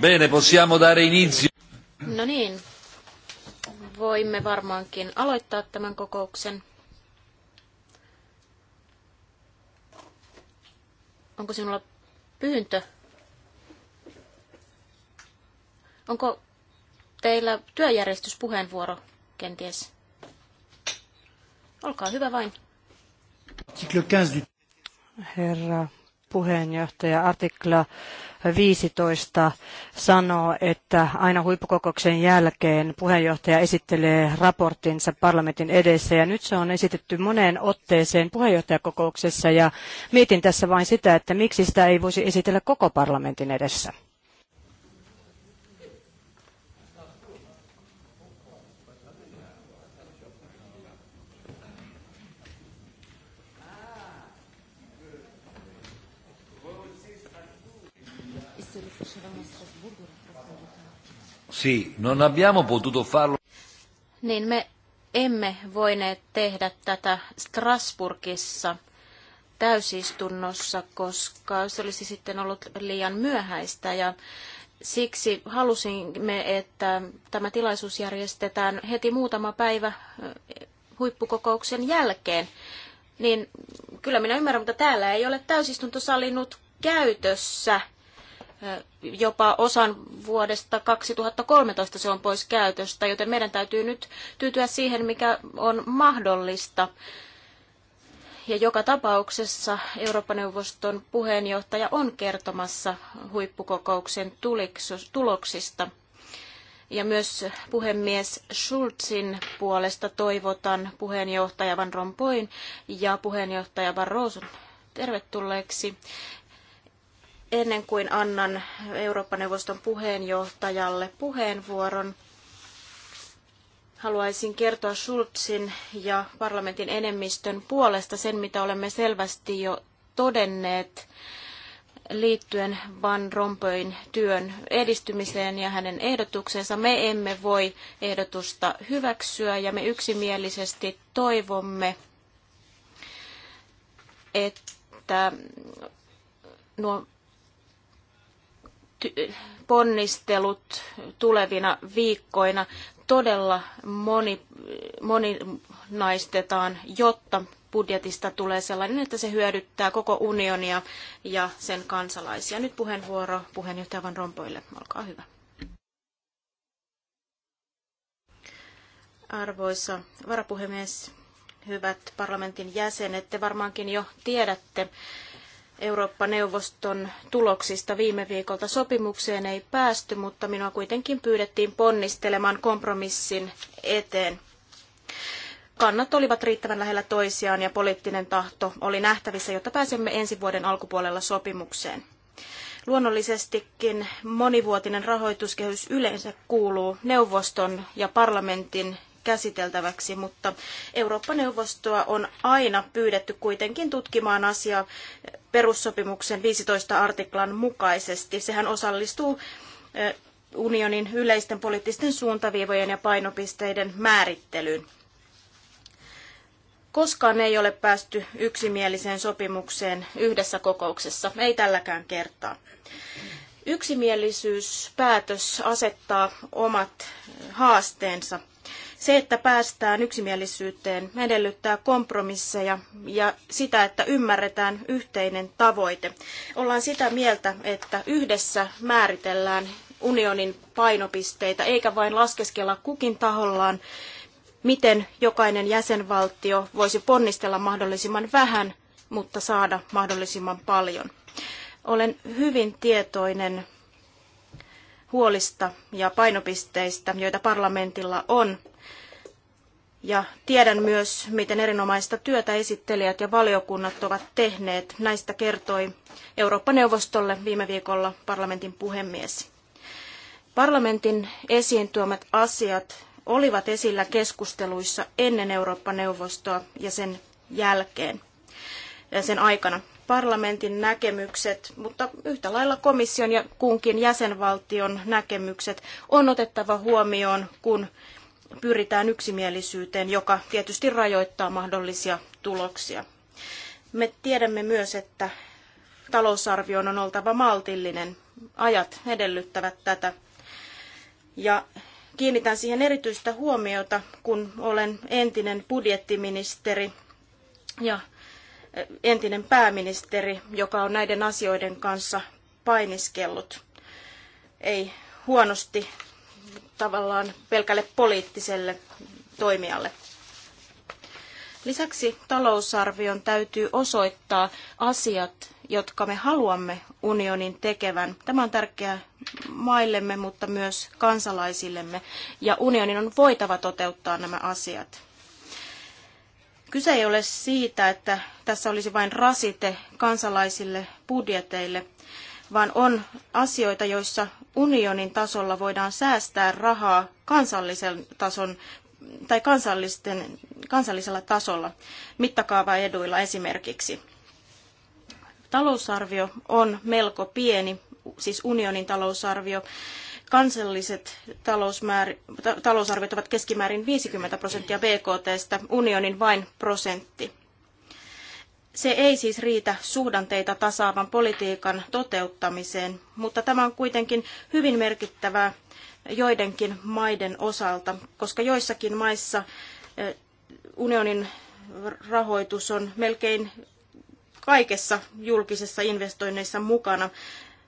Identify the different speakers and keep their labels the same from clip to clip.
Speaker 1: Bene, possiamo dare inizio.
Speaker 2: No niin, voimme varmaankin aloittaa tämän kokouksen. Onko sinulla pyyntö? Onko teillä työjärjestyspuheenvuoro kenties? Olkaa hyvä vain.
Speaker 3: Herra puheenjohtaja. Artikla 15 sanoo, että aina huippukokouksen jälkeen puheenjohtaja esittelee raporttinsa parlamentin edessä. Ja nyt se on esitetty moneen otteeseen puheenjohtajakokouksessa ja mietin tässä vain sitä, että miksi sitä ei voisi esitellä koko parlamentin edessä.
Speaker 1: Sì, non abbiamo potuto farlo.
Speaker 2: Niin me emme voineet tehdä tätä Strasburgissa täysistunnossa, koska se olisi sitten ollut liian myöhäistä ja siksi halusimme, että tämä tilaisuus järjestetään heti muutama päivä eh, huippukokouksen jälkeen. Niin kyllä minä ymmärrän, mutta täällä ei ole täysistunto sallinut käytössä jopa osan vuodesta 2013 se on pois käytöstä, joten meidän täytyy nyt tyytyä siihen, mikä on mahdollista. Ja joka tapauksessa Eurooppa-neuvoston puheenjohtaja on kertomassa huippukokouksen tuloksista. Ja myös puhemies Schulzin puolesta toivotan puheenjohtaja Van Rompuyn ja puheenjohtaja Barroson tervetulleeksi ennen kuin annan Eurooppa-neuvoston puheenjohtajalle puheenvuoron, haluaisin kertoa Schulzin ja parlamentin enemmistön puolesta sen, mitä olemme selvästi jo todenneet liittyen Van Rompöin työn edistymiseen ja hänen ehdotuksensa. Me emme voi ehdotusta hyväksyä ja me yksimielisesti toivomme, että nuo ponnistelut tulevina viikkoina todella moni, moninaistetaan, jotta budjetista tulee sellainen, että se hyödyttää koko unionia ja sen kansalaisia. Nyt puheenvuoro puheenjohtaja Van Rompoille. Olkaa hyvä. Arvoisa varapuhemies, hyvät parlamentin jäsenet, te varmaankin jo tiedätte, Eurooppa-neuvoston tuloksista viime viikolta sopimukseen ei päästy, mutta minua kuitenkin pyydettiin ponnistelemaan kompromissin eteen. Kannat olivat riittävän lähellä toisiaan ja poliittinen tahto oli nähtävissä, jotta pääsemme ensi vuoden alkupuolella sopimukseen. Luonnollisestikin monivuotinen rahoituskehys yleensä kuuluu neuvoston ja parlamentin käsiteltäväksi, mutta Eurooppa-neuvostoa on aina pyydetty kuitenkin tutkimaan asiaa perussopimuksen 15 artiklan mukaisesti. Sehän osallistuu unionin yleisten poliittisten suuntaviivojen ja painopisteiden määrittelyyn. Koskaan ei ole päästy yksimieliseen sopimukseen yhdessä kokouksessa, ei tälläkään kertaa. Yksimielisyyspäätös asettaa omat haasteensa se, että päästään yksimielisyyteen, edellyttää kompromisseja ja sitä, että ymmärretään yhteinen tavoite. Ollaan sitä mieltä, että yhdessä määritellään unionin painopisteitä, eikä vain laskeskella kukin tahollaan, miten jokainen jäsenvaltio voisi ponnistella mahdollisimman vähän, mutta saada mahdollisimman paljon. Olen hyvin tietoinen huolista ja painopisteistä, joita parlamentilla on ja tiedän myös, miten erinomaista työtä esittelijät ja valiokunnat ovat tehneet. Näistä kertoi Eurooppa-neuvostolle viime viikolla parlamentin puhemies. Parlamentin esiin tuomat asiat olivat esillä keskusteluissa ennen Eurooppa-neuvostoa ja sen jälkeen, ja sen aikana. Parlamentin näkemykset, mutta yhtä lailla komission ja kunkin jäsenvaltion näkemykset on otettava huomioon, kun pyritään yksimielisyyteen, joka tietysti rajoittaa mahdollisia tuloksia. Me tiedämme myös, että talousarvion on oltava maltillinen. Ajat edellyttävät tätä. Ja kiinnitän siihen erityistä huomiota, kun olen entinen budjettiministeri ja entinen pääministeri, joka on näiden asioiden kanssa painiskellut. Ei huonosti tavallaan pelkälle poliittiselle toimijalle. Lisäksi talousarvion täytyy osoittaa asiat, jotka me haluamme unionin tekevän. Tämä on tärkeää maillemme, mutta myös kansalaisillemme, ja unionin on voitava toteuttaa nämä asiat. Kyse ei ole siitä, että tässä olisi vain rasite kansalaisille budjeteille, vaan on asioita, joissa unionin tasolla voidaan säästää rahaa kansallisen tason tai kansallisten, kansallisella tasolla mittakaavaeduilla esimerkiksi. Talousarvio on melko pieni, siis unionin talousarvio. Kansalliset talousarviot ovat keskimäärin 50 prosenttia BKTstä, unionin vain prosentti. Se ei siis riitä suhdanteita tasaavan politiikan toteuttamiseen, mutta tämä on kuitenkin hyvin merkittävää joidenkin maiden osalta, koska joissakin maissa eh, unionin rahoitus on melkein kaikessa julkisessa investoinneissa mukana,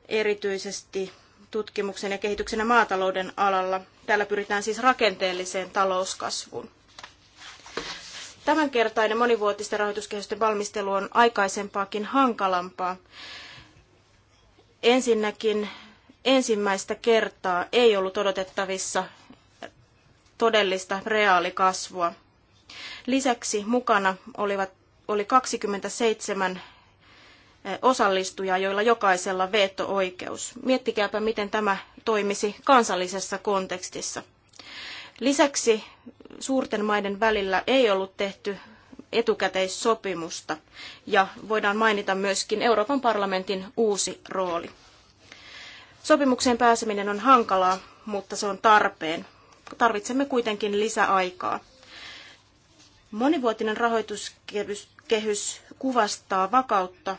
Speaker 2: erityisesti tutkimuksen ja kehityksen ja maatalouden alalla. Täällä pyritään siis rakenteelliseen talouskasvuun. Tämänkertainen monivuotisten rahoituskehysten valmistelu on aikaisempaakin hankalampaa. Ensinnäkin ensimmäistä kertaa ei ollut odotettavissa todellista reaalikasvua. Lisäksi mukana olivat, oli 27 eh, osallistujaa, joilla jokaisella veto-oikeus. Miettikääpä, miten tämä toimisi kansallisessa kontekstissa. Lisäksi suurten maiden välillä ei ollut tehty etukäteissopimusta ja voidaan mainita myöskin Euroopan parlamentin uusi rooli. Sopimukseen pääseminen on hankalaa, mutta se on tarpeen. Tarvitsemme kuitenkin lisäaikaa. Monivuotinen rahoituskehys kuvastaa vakautta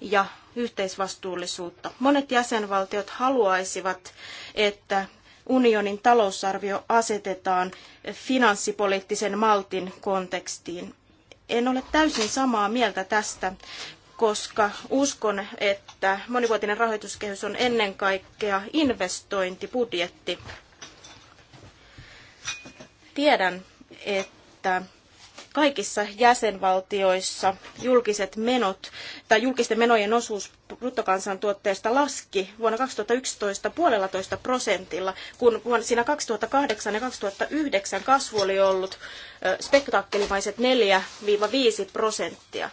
Speaker 2: ja yhteisvastuullisuutta. Monet jäsenvaltiot haluaisivat, että unionin talousarvio asetetaan finanssipoliittisen maltin kontekstiin. En ole täysin samaa mieltä tästä, koska uskon, että monivuotinen rahoituskehys on ennen kaikkea investointibudjetti. Tiedän, että kaikissa jäsenvaltioissa julkiset menot tai julkisten menojen osuus bruttokansantuotteesta laski vuonna 2011 puolellatoista prosentilla, kun vuonna 2008 ja 2009 kasvu oli ollut spektaakkelimaiset 4-5 prosenttia.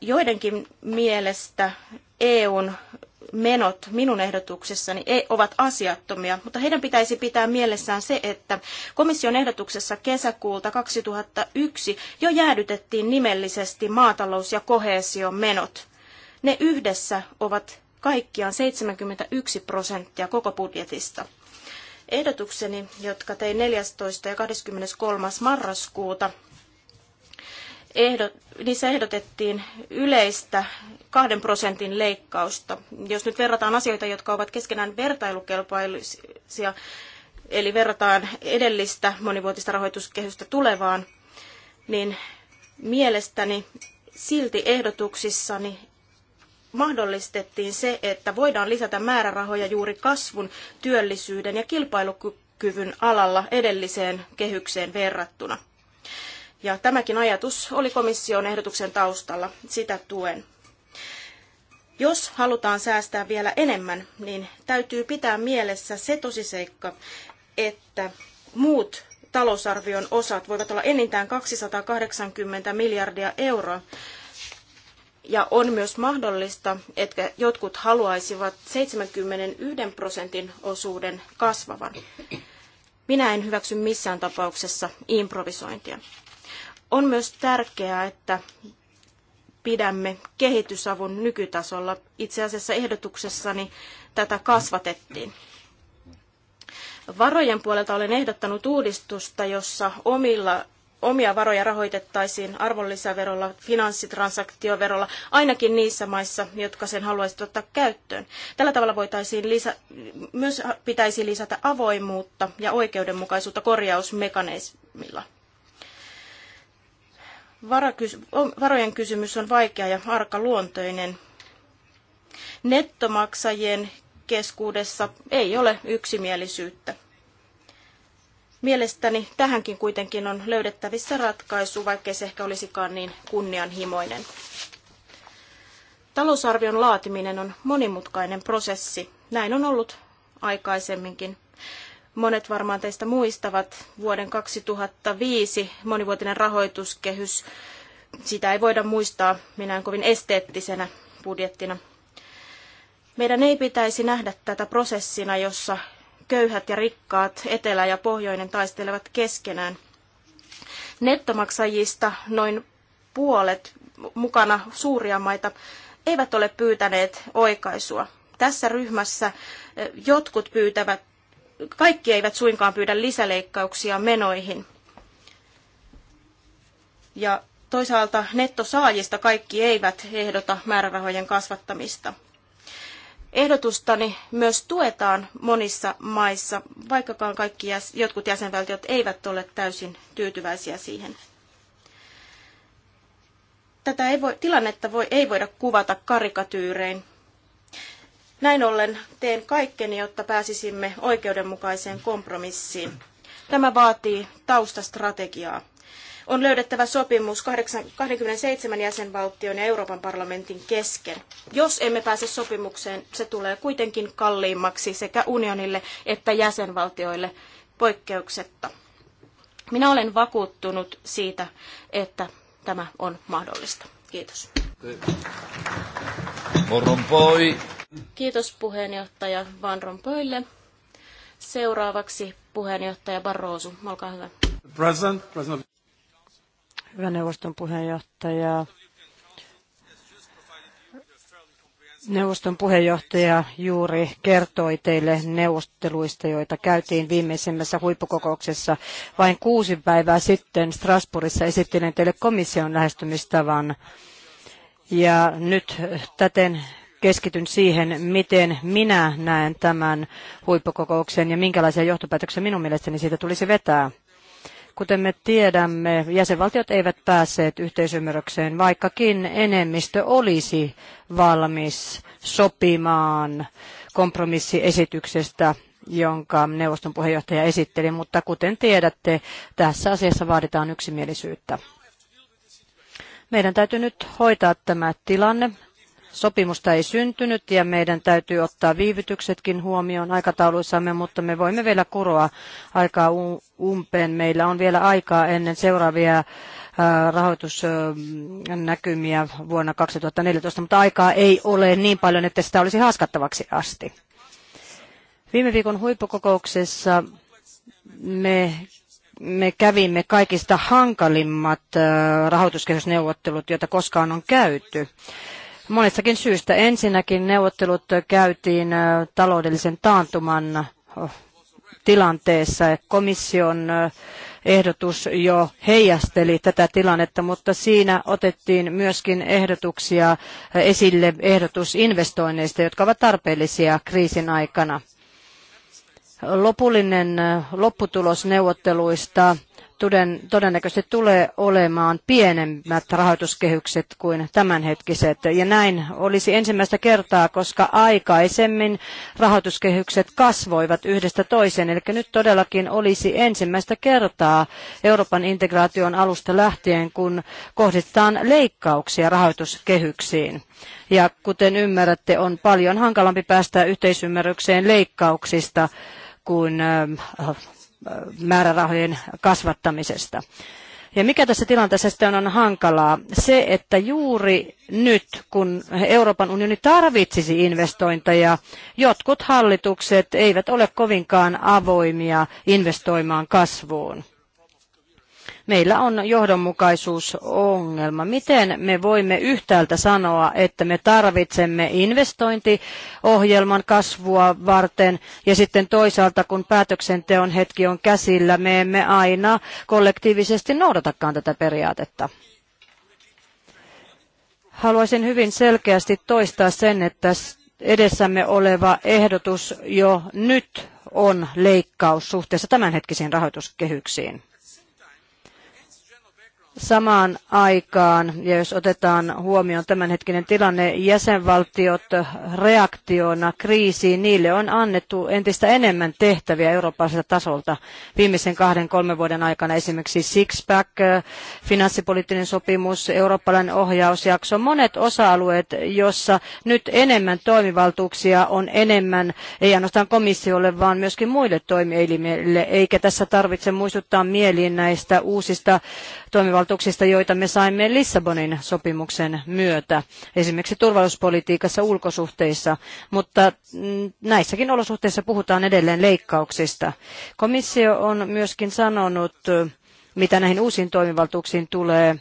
Speaker 2: Joidenkin mielestä EUn menot minun ehdotuksessani e- ovat asiattomia, mutta heidän pitäisi pitää mielessään se, että komission ehdotuksessa kesäkuulta 2001 jo jäädytettiin nimellisesti maatalous- ja kohesion menot. Ne yhdessä ovat kaikkiaan 71 prosenttia koko budjetista. Ehdotukseni, jotka tein 14. ja 23. marraskuuta ehdot, niissä ehdotettiin yleistä kahden prosentin leikkausta. Jos nyt verrataan asioita, jotka ovat keskenään vertailukelpoisia, eli verrataan edellistä monivuotista rahoituskehystä tulevaan, niin mielestäni silti ehdotuksissani mahdollistettiin se, että voidaan lisätä määrärahoja juuri kasvun, työllisyyden ja kilpailukyvyn alalla edelliseen kehykseen verrattuna. Ja tämäkin ajatus oli komission ehdotuksen taustalla. Sitä tuen. Jos halutaan säästää vielä enemmän, niin täytyy pitää mielessä se tosiseikka, että muut talousarvion osat voivat olla enintään 280 miljardia euroa. Ja on myös mahdollista, että jotkut haluaisivat 71 prosentin osuuden kasvavan. Minä en hyväksy missään tapauksessa improvisointia. On myös tärkeää, että pidämme kehitysavun nykytasolla. Itse asiassa ehdotuksessani tätä kasvatettiin. Varojen puolelta olen ehdottanut uudistusta, jossa omilla, omia varoja rahoitettaisiin arvonlisäverolla, finanssitransaktioverolla, ainakin niissä maissa, jotka sen haluaisivat ottaa käyttöön. Tällä tavalla voitaisiin lisä, myös pitäisi lisätä avoimuutta ja oikeudenmukaisuutta korjausmekanismilla varojen kysymys on vaikea ja arkaluontoinen. Nettomaksajien keskuudessa ei ole yksimielisyyttä. Mielestäni tähänkin kuitenkin on löydettävissä ratkaisu, vaikkei se ehkä olisikaan niin kunnianhimoinen. Talousarvion laatiminen on monimutkainen prosessi. Näin on ollut aikaisemminkin. Monet varmaan teistä muistavat vuoden 2005 monivuotinen rahoituskehys. Sitä ei voida muistaa minään kovin esteettisenä budjettina. Meidän ei pitäisi nähdä tätä prosessina, jossa köyhät ja rikkaat, etelä ja pohjoinen taistelevat keskenään. Nettomaksajista noin puolet mukana suuria maita eivät ole pyytäneet oikaisua. Tässä ryhmässä eh, jotkut pyytävät kaikki eivät suinkaan pyydä lisäleikkauksia menoihin. Ja toisaalta nettosaajista kaikki eivät ehdota määrärahojen kasvattamista. Ehdotustani myös tuetaan monissa maissa, vaikkakaan kaikki jäs, jotkut jäsenvaltiot eivät ole täysin tyytyväisiä siihen. Tätä ei voi, tilannetta voi, ei voida kuvata karikatyyrein, näin ollen teen kaikkeni, jotta pääsisimme oikeudenmukaiseen kompromissiin. Tämä vaatii taustastrategiaa. On löydettävä sopimus 27 jäsenvaltion ja Euroopan parlamentin kesken. Jos emme pääse sopimukseen, se tulee kuitenkin kalliimmaksi sekä unionille että jäsenvaltioille poikkeuksetta. Minä olen vakuuttunut siitä, että tämä on mahdollista. Kiitos.
Speaker 1: Van Rompuy.
Speaker 2: Kiitos puheenjohtaja Van Rompuylle. Seuraavaksi puheenjohtaja Barroso. Olkaa hyvä.
Speaker 3: President, president. Hyvä neuvoston puheenjohtaja. Neuvoston puheenjohtaja juuri kertoi teille neuvotteluista, joita käytiin viimeisimmässä huippukokouksessa vain kuusi päivää sitten Strasbourgissa. Esittelen teille komission lähestymistavan ja nyt täten keskityn siihen, miten minä näen tämän huippukokouksen ja minkälaisia johtopäätöksiä minun mielestäni siitä tulisi vetää. Kuten me tiedämme, jäsenvaltiot eivät päässeet yhteisymmärrykseen, vaikkakin enemmistö olisi valmis sopimaan kompromissiesityksestä, jonka neuvoston puheenjohtaja esitteli, mutta kuten tiedätte, tässä asiassa vaaditaan yksimielisyyttä. Meidän täytyy nyt hoitaa tämä tilanne. Sopimusta ei syntynyt ja meidän täytyy ottaa viivytyksetkin huomioon aikatauluissamme, mutta me voimme vielä kuroa aikaa umpeen. Meillä on vielä aikaa ennen seuraavia äh, rahoitusnäkymiä vuonna 2014, mutta aikaa ei ole niin paljon, että sitä olisi haaskattavaksi asti. Viime viikon huippukokouksessa me me kävimme kaikista hankalimmat rahoituskehysneuvottelut, joita koskaan on käyty. Monestakin syystä. Ensinnäkin neuvottelut käytiin taloudellisen taantuman tilanteessa. Komission ehdotus jo heijasteli tätä tilannetta, mutta siinä otettiin myöskin ehdotuksia esille, ehdotus investoinneista, jotka ovat tarpeellisia kriisin aikana lopullinen lopputulos neuvotteluista todennäköisesti tulee olemaan pienemmät rahoituskehykset kuin tämänhetkiset. Ja näin olisi ensimmäistä kertaa, koska aikaisemmin rahoituskehykset kasvoivat yhdestä toiseen. Eli nyt todellakin olisi ensimmäistä kertaa Euroopan integraation alusta lähtien, kun kohdistetaan leikkauksia rahoituskehyksiin. Ja kuten ymmärrätte, on paljon hankalampi päästä yhteisymmärrykseen leikkauksista kuin määrärahojen kasvattamisesta. Ja mikä tässä tilanteessa sitten on hankalaa? Se, että juuri nyt, kun Euroopan unioni tarvitsisi investointeja, jotkut hallitukset eivät ole kovinkaan avoimia investoimaan kasvuun meillä on johdonmukaisuusongelma. Miten me voimme yhtäältä sanoa, että me tarvitsemme investointiohjelman kasvua varten ja sitten toisaalta kun päätöksenteon hetki on käsillä, me emme aina kollektiivisesti noudatakaan tätä periaatetta. Haluaisin hyvin selkeästi toistaa sen, että edessämme oleva ehdotus jo nyt on leikkaus suhteessa tämänhetkisiin rahoituskehyksiin samaan aikaan, ja jos otetaan huomioon tämänhetkinen tilanne, jäsenvaltiot reaktiona kriisiin, niille on annettu entistä enemmän tehtäviä eurooppalaiselta tasolta viimeisen kahden, kolmen vuoden aikana. Esimerkiksi Sixpack, finanssipoliittinen sopimus, eurooppalainen ohjausjakso, monet osa-alueet, jossa nyt enemmän toimivaltuuksia on enemmän, ei ainoastaan komissiolle, vaan myöskin muille toimielimille, eikä tässä tarvitse muistuttaa mieliin näistä uusista toimivaltuuksista, joita me saimme Lissabonin sopimuksen myötä, esimerkiksi turvallisuuspolitiikassa, ulkosuhteissa, mutta mm, näissäkin olosuhteissa puhutaan edelleen leikkauksista. Komissio on myöskin sanonut, mitä näihin uusiin toimivaltuuksiin tulee,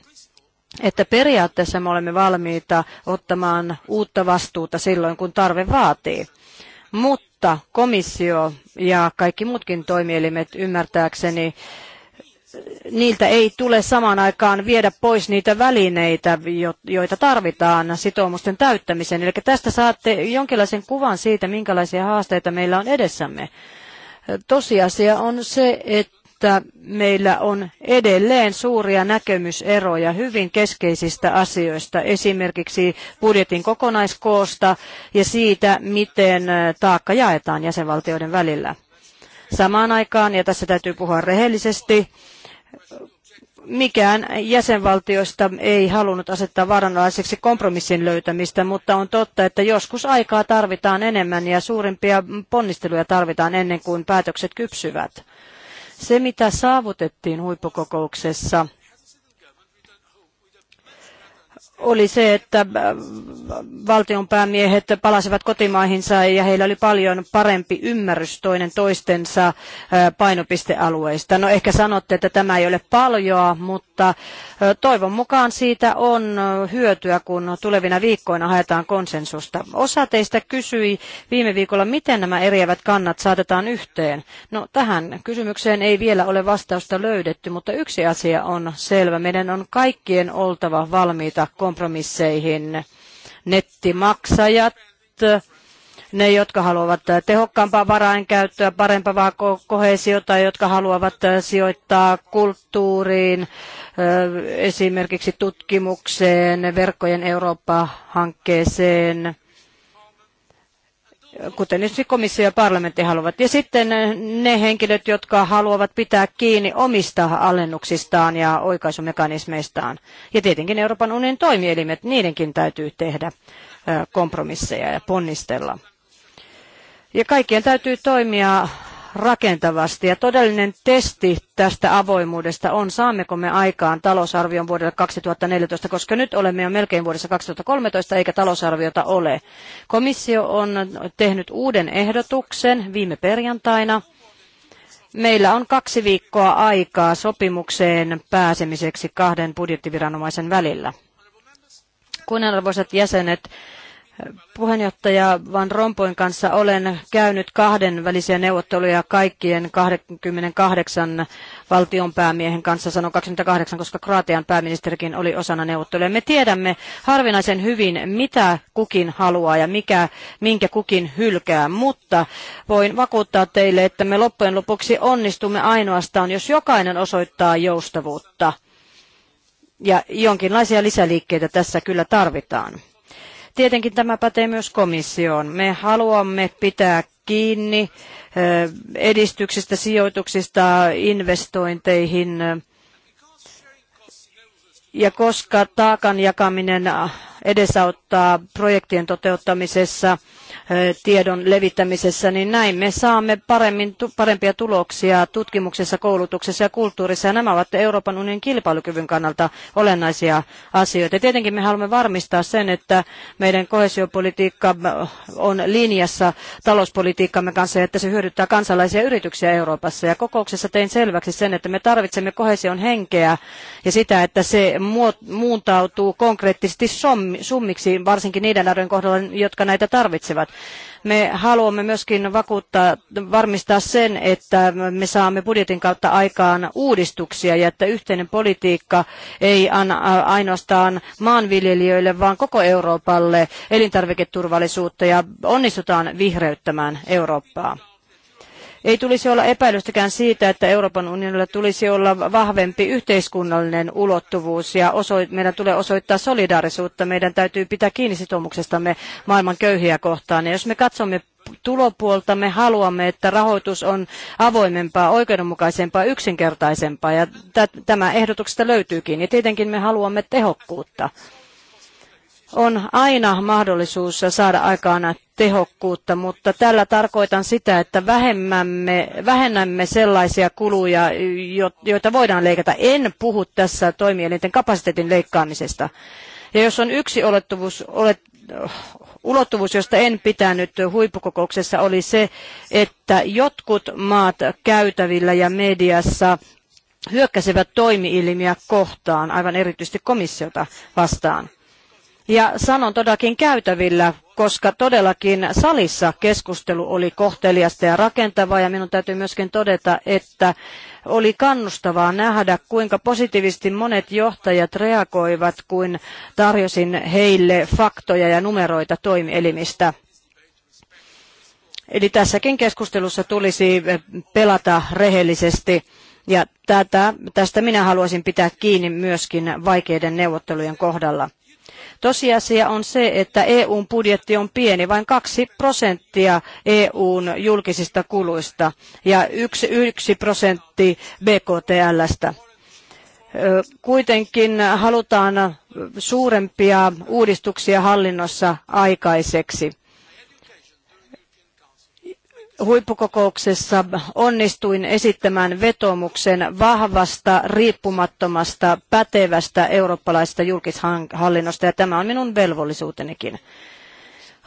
Speaker 3: että periaatteessa me olemme valmiita ottamaan uutta vastuuta silloin, kun tarve vaatii. Mutta komissio ja kaikki muutkin toimielimet ymmärtääkseni niiltä ei tule samaan aikaan viedä pois niitä välineitä, joita tarvitaan sitoumusten täyttämiseen. Eli tästä saatte jonkinlaisen kuvan siitä, minkälaisia haasteita meillä on edessämme. Tosiasia on se, että meillä on edelleen suuria näkemyseroja hyvin keskeisistä asioista, esimerkiksi budjetin kokonaiskoosta ja siitä, miten taakka jaetaan jäsenvaltioiden välillä. Samaan aikaan, ja tässä täytyy puhua rehellisesti, mikään jäsenvaltioista ei halunnut asettaa vaaranalaiseksi kompromissin löytämistä, mutta on totta, että joskus aikaa tarvitaan enemmän ja suurimpia ponnisteluja tarvitaan ennen kuin päätökset kypsyvät. Se, mitä saavutettiin huippukokouksessa, oli se, että äh, valtionpäämiehet palasivat kotimaihinsa ja heillä oli paljon parempi ymmärrys toinen toistensa äh, painopistealueista. No ehkä sanotte, että tämä ei ole paljoa, mutta äh, toivon mukaan siitä on hyötyä, kun tulevina viikkoina haetaan konsensusta. Osa teistä kysyi viime viikolla, miten nämä eriävät kannat saatetaan yhteen. No tähän kysymykseen ei vielä ole vastausta löydetty, mutta yksi asia on selvä. Meidän on kaikkien oltava valmiita kompromisseihin. Nettimaksajat, ne, jotka haluavat tehokkaampaa varainkäyttöä, parempaa kohesiota, jotka haluavat sijoittaa kulttuuriin, esimerkiksi tutkimukseen, verkkojen Eurooppa-hankkeeseen – kuten esimerkiksi komissio ja parlamentti haluavat. Ja sitten eh, ne henkilöt, jotka haluavat pitää kiinni omista alennuksistaan ja oikaisumekanismeistaan. Ja tietenkin Euroopan unionin toimielimet, niidenkin täytyy tehdä eh, kompromisseja ja ponnistella. Ja kaikkien täytyy toimia rakentavasti. Ja todellinen testi tästä avoimuudesta on, saammeko me aikaan talousarvion vuodelle 2014, koska nyt olemme jo melkein vuodessa 2013 eikä talousarviota ole. Komissio on tehnyt uuden ehdotuksen viime perjantaina. Meillä on kaksi viikkoa aikaa sopimukseen pääsemiseksi kahden budjettiviranomaisen välillä. Kunnanarvoisat jäsenet, Puheenjohtaja Van Rompoin kanssa olen käynyt kahden välisiä neuvotteluja kaikkien 28 valtionpäämiehen kanssa, sanon 28, koska Kroatian pääministerikin oli osana neuvotteluja. Me tiedämme harvinaisen hyvin, mitä kukin haluaa ja mikä, minkä kukin hylkää, mutta voin vakuuttaa teille, että me loppujen lopuksi onnistumme ainoastaan, jos jokainen osoittaa joustavuutta. Ja jonkinlaisia lisäliikkeitä tässä kyllä tarvitaan. Tietenkin tämä pätee myös komissioon. Me haluamme pitää kiinni edistyksistä, sijoituksista, investointeihin. Ja koska taakan jakaminen edesauttaa projektien toteuttamisessa, tiedon levittämisessä, niin näin me saamme paremmin, parempia tuloksia tutkimuksessa, koulutuksessa ja kulttuurissa. Ja nämä ovat Euroopan unionin kilpailukyvyn kannalta olennaisia asioita. Ja tietenkin me haluamme varmistaa sen, että meidän kohesiopolitiikka on linjassa talouspolitiikkamme kanssa ja että se hyödyttää kansalaisia yrityksiä Euroopassa. Ja kokouksessa tein selväksi sen, että me tarvitsemme kohesion henkeä ja sitä, että se muuntautuu konkreettisesti summiksi, varsinkin niiden arvojen kohdalla, jotka näitä tarvitsevat. Me haluamme myöskin vakuuttaa, varmistaa sen, että me saamme budjetin kautta aikaan uudistuksia ja että yhteinen politiikka ei anna ainoastaan maanviljelijöille, vaan koko Euroopalle elintarviketurvallisuutta ja onnistutaan vihreyttämään Eurooppaa. Ei tulisi olla epäilystäkään siitä, että Euroopan unionilla tulisi olla vahvempi yhteiskunnallinen ulottuvuus ja meidän tulee osoittaa solidaarisuutta. Meidän täytyy pitää kiinni sitoumuksestamme maailman köyhiä kohtaan. Ja jos me katsomme tulopuolta me haluamme, että rahoitus on avoimempaa, oikeudenmukaisempaa, yksinkertaisempaa ja tämä ehdotuksesta löytyykin. Ja tietenkin me haluamme tehokkuutta on aina mahdollisuus saada aikaan tehokkuutta, mutta tällä tarkoitan sitä, että vähemmämme, vähennämme sellaisia kuluja, joita voidaan leikata. En puhu tässä toimielinten kapasiteetin leikkaamisesta. Ja jos on yksi olettuvuus, olet, ulottuvuus, josta en pitänyt huippukokouksessa, oli se, että jotkut maat käytävillä ja mediassa hyökkäsivät toimielimiä kohtaan, aivan erityisesti komissiota vastaan. Ja sanon todellakin käytävillä, koska todellakin salissa keskustelu oli kohteliasta ja rakentavaa ja minun täytyy myöskin todeta, että oli kannustavaa nähdä, kuinka positiivisesti monet johtajat reagoivat, kun tarjosin heille faktoja ja numeroita toimielimistä. Eli tässäkin keskustelussa tulisi pelata rehellisesti. Ja tätä, tästä minä haluaisin pitää kiinni myöskin vaikeiden neuvottelujen kohdalla. Tosiasia on se, että EUn budjetti on pieni, vain kaksi prosenttia EUn julkisista kuluista ja yksi, yksi prosentti BKTLstä. Kuitenkin halutaan suurempia uudistuksia hallinnossa aikaiseksi huippukokouksessa onnistuin esittämään vetomuksen vahvasta, riippumattomasta, pätevästä eurooppalaisesta julkishallinnosta ja tämä on minun velvollisuutenikin.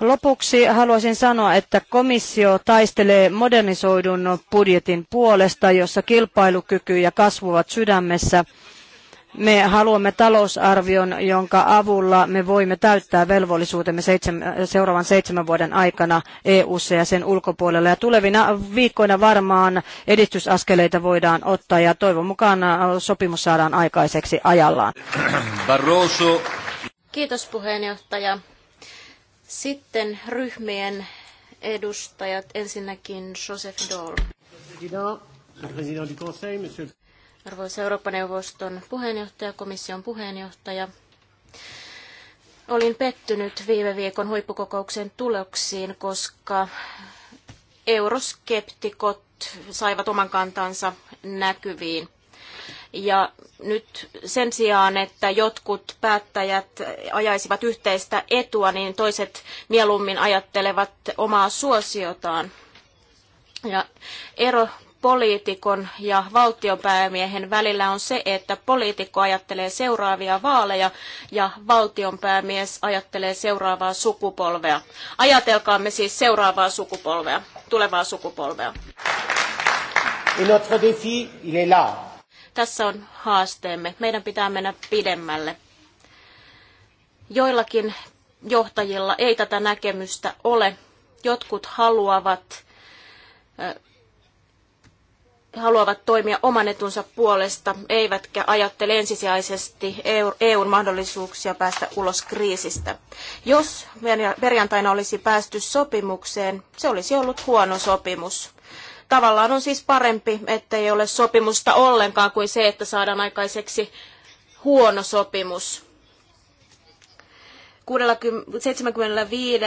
Speaker 3: Lopuksi haluaisin sanoa, että komissio taistelee modernisoidun budjetin puolesta, jossa kilpailukyky ja kasvu ovat sydämessä – me haluamme talousarvion, jonka avulla me voimme täyttää velvollisuutemme seitsemän, seuraavan seitsemän vuoden aikana EU-ssa ja sen ulkopuolella. Ja tulevina viikkoina varmaan edistysaskeleita voidaan ottaa ja toivon mukaan sopimus saadaan aikaiseksi ajallaan.
Speaker 1: Barroso.
Speaker 2: Kiitos puheenjohtaja. Sitten ryhmien edustajat, ensinnäkin Joseph Daul arvoisa Eurooppa-neuvoston puheenjohtaja, komission puheenjohtaja. Olin pettynyt viime viikon huippukokouksen tuloksiin, koska euroskeptikot saivat oman kantansa näkyviin. Ja nyt sen sijaan, että jotkut päättäjät ajaisivat yhteistä etua, niin toiset mieluummin ajattelevat omaa suosiotaan. Ja ero poliitikon ja valtionpäämiehen välillä on se, että poliitikko ajattelee seuraavia vaaleja ja valtionpäämies ajattelee seuraavaa sukupolvea. Ajatelkaamme siis seuraavaa sukupolvea, tulevaa sukupolvea. Défi, Tässä on haasteemme. Meidän pitää mennä pidemmälle. Joillakin johtajilla ei tätä näkemystä ole. Jotkut haluavat haluavat toimia oman etunsa puolesta, eivätkä ajattele ensisijaisesti EUn mahdollisuuksia päästä ulos kriisistä. Jos perjantaina olisi päästy sopimukseen, se olisi ollut huono sopimus. Tavallaan on siis parempi, ettei ole sopimusta ollenkaan kuin se, että saadaan aikaiseksi huono sopimus. 75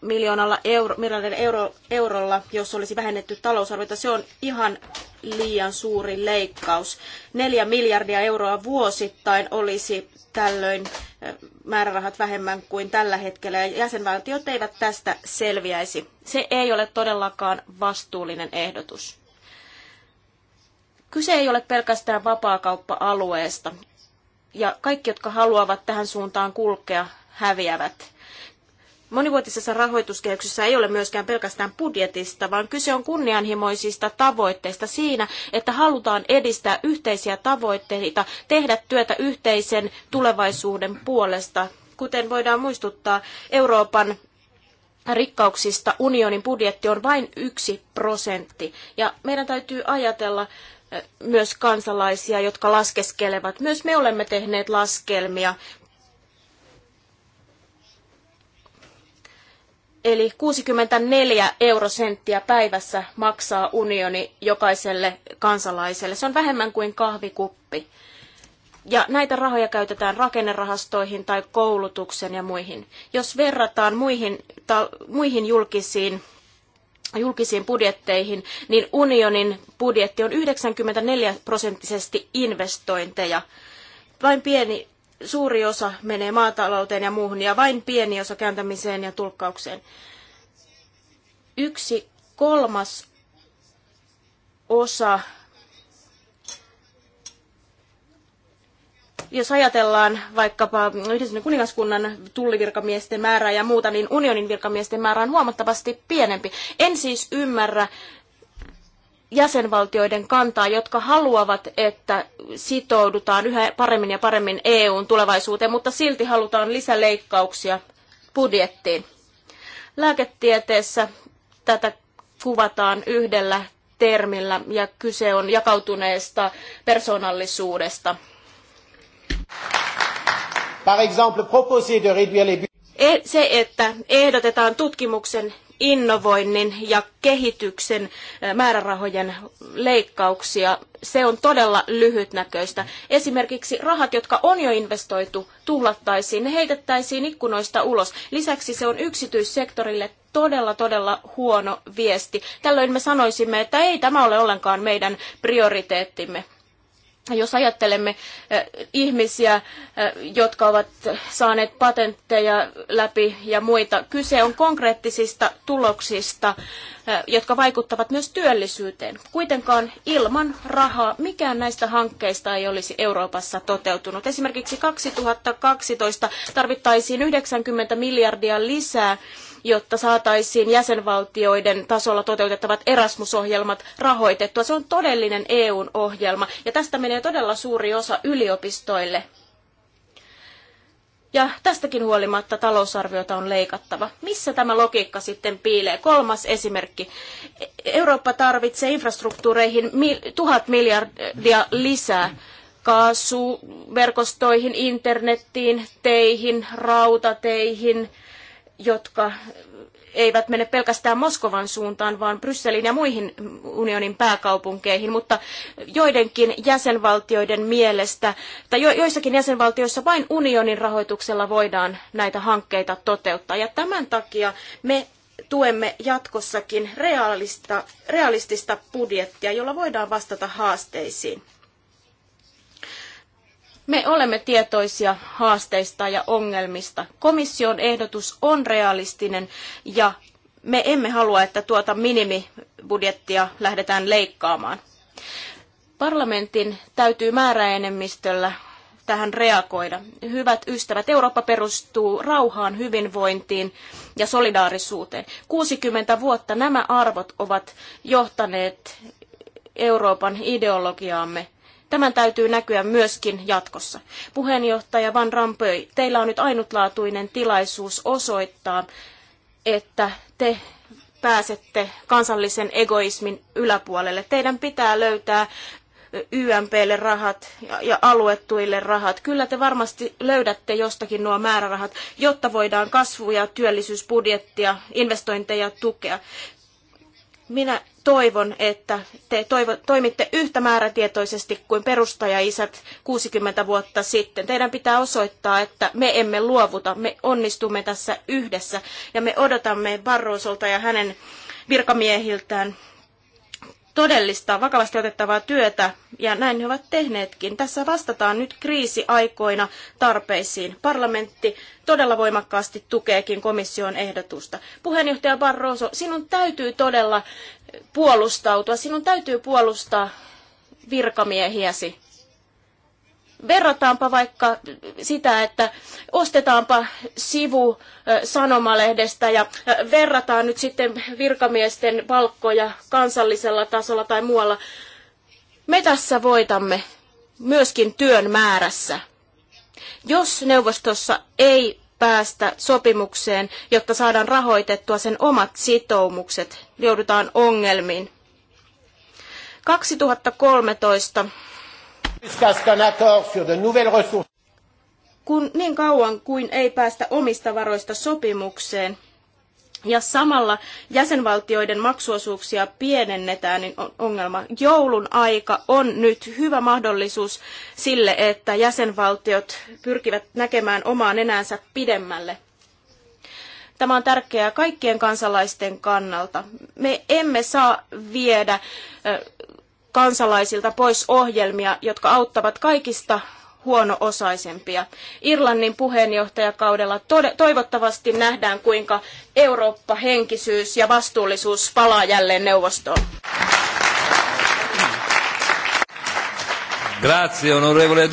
Speaker 2: miljoonalla euro, miljardilla euro, eurolla, jos olisi vähennetty talousarviota. Se on ihan liian suuri leikkaus. Neljä miljardia euroa vuosittain olisi tällöin määrärahat vähemmän kuin tällä hetkellä, ja jäsenvaltiot eivät tästä selviäisi. Se ei ole todellakaan vastuullinen ehdotus. Kyse ei ole pelkästään vapaakauppa-alueesta, ja kaikki, jotka haluavat tähän suuntaan kulkea, häviävät. Monivuotisessa rahoituskehyksessä ei ole myöskään pelkästään budjetista, vaan kyse on kunnianhimoisista tavoitteista siinä, että halutaan edistää yhteisiä tavoitteita, tehdä työtä yhteisen tulevaisuuden puolesta. Kuten voidaan muistuttaa, Euroopan rikkauksista unionin budjetti on vain yksi prosentti. Ja meidän täytyy ajatella eh, myös kansalaisia, jotka laskeskelevat. Myös me olemme tehneet laskelmia Eli 64 eurosenttiä päivässä maksaa unioni jokaiselle kansalaiselle. Se on vähemmän kuin kahvikuppi. Ja näitä rahoja käytetään rakennerahastoihin tai koulutuksen ja muihin. Jos verrataan muihin, ta, muihin julkisiin, julkisiin budjetteihin, niin unionin budjetti on 94 prosenttisesti investointeja. Vain pieni suuri osa menee maatalouteen ja muuhun ja vain pieni osa kääntämiseen ja tulkkaukseen. Yksi kolmas osa, jos ajatellaan vaikkapa Yhdistyneen kuningaskunnan tullivirkamiesten määrää ja muuta, niin unionin virkamiesten määrä on huomattavasti pienempi. En siis ymmärrä, jäsenvaltioiden kantaa, jotka haluavat, että sitoudutaan yhä paremmin ja paremmin EUn tulevaisuuteen, mutta silti halutaan lisäleikkauksia budjettiin. Lääketieteessä tätä kuvataan yhdellä termillä ja kyse on jakautuneesta persoonallisuudesta. Par exemple, proposer de réduire les e, se, että ehdotetaan tutkimuksen innovoinnin ja kehityksen määrärahojen leikkauksia. Se on todella lyhytnäköistä. Esimerkiksi rahat, jotka on jo investoitu, tuhlattaisiin, ne heitettäisiin ikkunoista ulos. Lisäksi se on yksityissektorille todella, todella huono viesti. Tällöin me sanoisimme, että ei tämä ole ollenkaan meidän prioriteettimme jos ajattelemme eh, ihmisiä, eh, jotka ovat saaneet patentteja läpi ja muita, kyse on konkreettisista tuloksista, eh, jotka vaikuttavat myös työllisyyteen. Kuitenkaan ilman rahaa mikään näistä hankkeista ei olisi Euroopassa toteutunut. Esimerkiksi 2012 tarvittaisiin 90 miljardia lisää jotta saataisiin jäsenvaltioiden tasolla toteutettavat Erasmus-ohjelmat rahoitettua. Se on todellinen EUn ohjelma ja tästä menee todella suuri osa yliopistoille. Ja tästäkin huolimatta talousarviota on leikattava. Missä tämä logiikka sitten piilee? Kolmas esimerkki. Eurooppa tarvitsee infrastruktuureihin tuhat miljardia lisää kaasuverkostoihin, internettiin, teihin, rautateihin, jotka eivät mene pelkästään Moskovan suuntaan, vaan Brysselin ja muihin unionin pääkaupunkeihin, mutta joidenkin jäsenvaltioiden mielestä, tai joissakin jäsenvaltioissa vain unionin rahoituksella voidaan näitä hankkeita toteuttaa. Ja tämän takia me tuemme jatkossakin realistista budjettia, jolla voidaan vastata haasteisiin. Me olemme tietoisia haasteista ja ongelmista. Komission ehdotus on realistinen ja me emme halua, että tuota minimibudjettia lähdetään leikkaamaan. Parlamentin täytyy määräenemmistöllä tähän reagoida. Hyvät ystävät, Eurooppa perustuu rauhaan, hyvinvointiin ja solidaarisuuteen. 60 vuotta nämä arvot ovat johtaneet Euroopan ideologiaamme. Tämän täytyy näkyä myöskin jatkossa. Puheenjohtaja Van Rampöy, teillä on nyt ainutlaatuinen tilaisuus osoittaa, että te pääsette kansallisen egoismin yläpuolelle. Teidän pitää löytää YMPlle rahat ja aluetuille rahat. Kyllä te varmasti löydätte jostakin nuo määrärahat, jotta voidaan kasvu- ja työllisyysbudjettia, investointeja tukea. Minä toivon, että te toivo, toimitte yhtä määrätietoisesti kuin perustajaisät 60 vuotta sitten. Teidän pitää osoittaa, että me emme luovuta, me onnistumme tässä yhdessä ja me odotamme Barrosolta ja hänen virkamiehiltään todellista, vakavasti otettavaa työtä, ja näin he ovat tehneetkin. Tässä vastataan nyt kriisiaikoina tarpeisiin. Parlamentti todella voimakkaasti tukeekin komission ehdotusta. Puheenjohtaja Barroso, sinun täytyy todella puolustautua, sinun täytyy puolustaa virkamiehiäsi. Verrataanpa vaikka sitä, että ostetaanpa sivu sanomalehdestä ja verrataan nyt sitten virkamiesten palkkoja kansallisella tasolla tai muualla. Me tässä voitamme myöskin työn määrässä. Jos neuvostossa ei päästä sopimukseen, jotta saadaan rahoitettua sen omat sitoumukset, joudutaan ongelmiin. 2013 kun niin kauan kuin ei päästä omista varoista sopimukseen, ja samalla jäsenvaltioiden maksuosuuksia pienennetään, niin on ongelma. Joulun aika on nyt hyvä mahdollisuus sille, että jäsenvaltiot pyrkivät näkemään omaa nenänsä pidemmälle. Tämä on tärkeää kaikkien kansalaisten kannalta. Me emme saa viedä kansalaisilta pois ohjelmia, jotka auttavat kaikista huono-osaisempia. Irlannin puheenjohtajakaudella toivottavasti nähdään, kuinka Eurooppa-henkisyys ja vastuullisuus palaa jälleen neuvostoon.
Speaker 1: Grazie, onorevole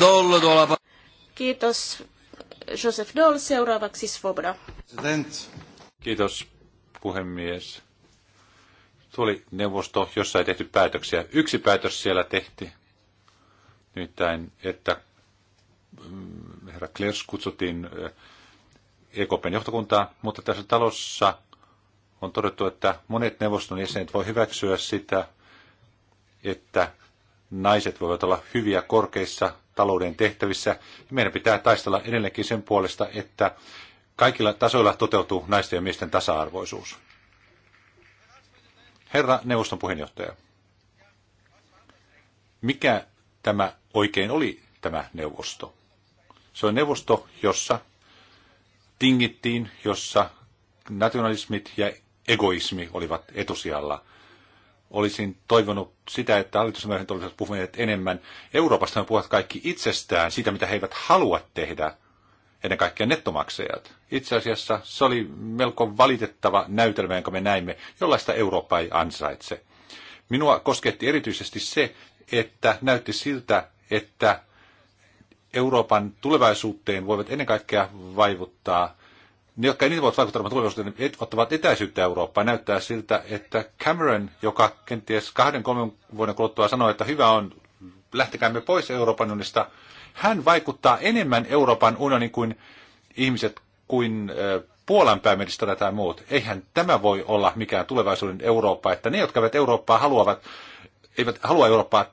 Speaker 2: Kiitos, Joseph Doll. Seuraavaksi Svoboda.
Speaker 1: Kiitos, puhemies tuli neuvosto, jossa ei tehty päätöksiä. Yksi päätös siellä tehti, nimittäin, että mm, herra Klers kutsuttiin EKPn eh, e johtokuntaa, mutta tässä talossa on todettu, että monet neuvoston jäsenet voi hyväksyä sitä, että naiset voivat olla hyviä korkeissa talouden tehtävissä. Meidän pitää taistella edelleenkin sen puolesta, että kaikilla tasoilla toteutuu naisten ja miesten tasa-arvoisuus. Herra neuvoston puheenjohtaja, mikä tämä oikein oli tämä neuvosto? Se on neuvosto, jossa tingittiin, jossa nationalismit ja egoismi olivat etusijalla. Olisin toivonut sitä, että hallitusmiehet olisivat puhuneet enemmän Euroopasta, ne puhuvat kaikki itsestään, siitä mitä he eivät halua tehdä, ennen kaikkea nettomaksajat. Itse asiassa se oli melko valitettava näytelmä, jonka me näimme, jollaista Eurooppa ei ansaitse. Minua kosketti erityisesti se, että näytti siltä, että Euroopan tulevaisuuteen voivat ennen kaikkea vaivuttaa, ne, jotka eniten voivat vaikuttaa tulevaisuuteen, et, ottavat etäisyyttä Eurooppaan. Näyttää siltä, että Cameron, joka kenties kahden, kolmen vuoden kuluttua sanoi, että hyvä on, lähtekäämme pois Euroopan unista, hän vaikuttaa enemmän Euroopan unionin kuin ihmiset kuin Puolan pääministeri tai muut. Eihän tämä voi olla mikään tulevaisuuden Eurooppa, että ne, jotka eivät Eurooppaa haluavat, eivät halua Eurooppaa,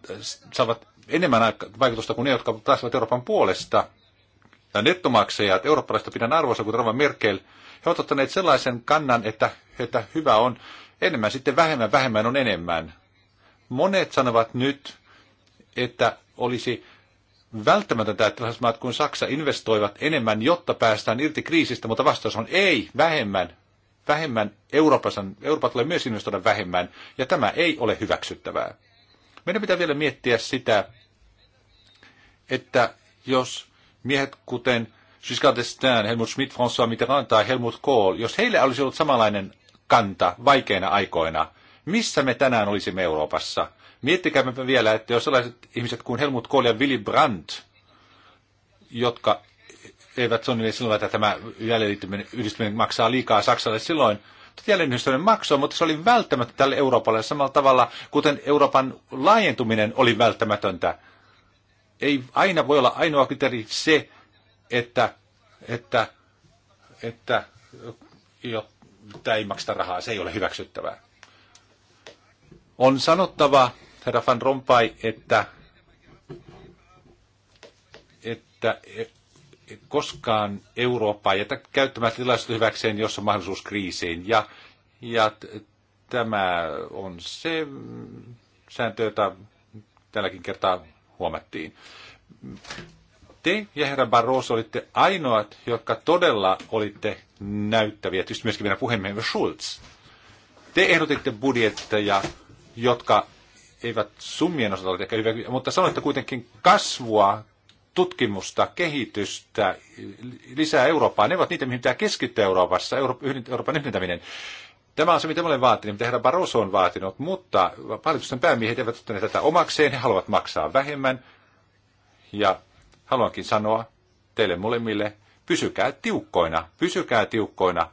Speaker 1: saavat enemmän vaikutusta kuin ne, jotka taasivat Euroopan puolesta. Ja nettomaksajat, eurooppalaista pidän arvoisa, kuin Rova Merkel, he ovat ottaneet sellaisen kannan, että, että hyvä on enemmän, sitten vähemmän, vähemmän on enemmän. Monet sanovat nyt, että olisi välttämätöntä, että maat kuin Saksa investoivat enemmän, jotta päästään irti kriisistä, mutta vastaus on ei, vähemmän. Vähemmän Euroopassa, Euroopan tulee myös investoida vähemmän, ja tämä ei ole hyväksyttävää. Meidän pitää vielä miettiä sitä, että jos miehet kuten Giscard d'Estaing, Helmut Schmidt, François Mitterrand tai Helmut Kohl, jos heillä olisi ollut samanlainen kanta vaikeina aikoina, missä me tänään olisimme Euroopassa? Miettikäämme vielä, että jos sellaiset ihmiset kuin Helmut Kohl ja Willy Brandt, jotka eivät sonnille silloin, että tämä yhdistyminen maksaa liikaa Saksalle silloin, jälleenyhdistyminen maksoi, mutta se oli välttämättä tälle Euroopalle samalla tavalla, kuten Euroopan laajentuminen oli välttämätöntä. Ei aina voi olla ainoa kriteeri se, että, että, että jo, ei makseta rahaa, se ei ole hyväksyttävää. On sanottava, herra Van Rompuy, että, että e, e, koskaan Eurooppa, jätä käyttämään tilaisuutta hyväkseen, jos on mahdollisuus kriisiin. Ja, ja tämä on se sääntö, jota tälläkin kertaa huomattiin. Te ja herra Barroso olitte ainoat, jotka todella olitte näyttäviä, tietysti myöskin meidän puhemiehemme Schulz. Te ehdotitte budjetteja, jotka eivät summien osalta ole ehkä hyviä, mutta sanoitte kuitenkin kasvua, tutkimusta, kehitystä, lisää Eurooppaa. Ne ovat niitä, mihin pitää keskittyä Euroopassa, Euroopan yhdentäminen. Tämä on se, mitä olen vaatinut, mitä herra Barroso on vaatinut, mutta hallitusten päämiehet eivät ottaneet tätä omakseen, he haluavat maksaa vähemmän. Ja haluankin sanoa teille molemmille, pysykää tiukkoina, pysykää tiukkoina.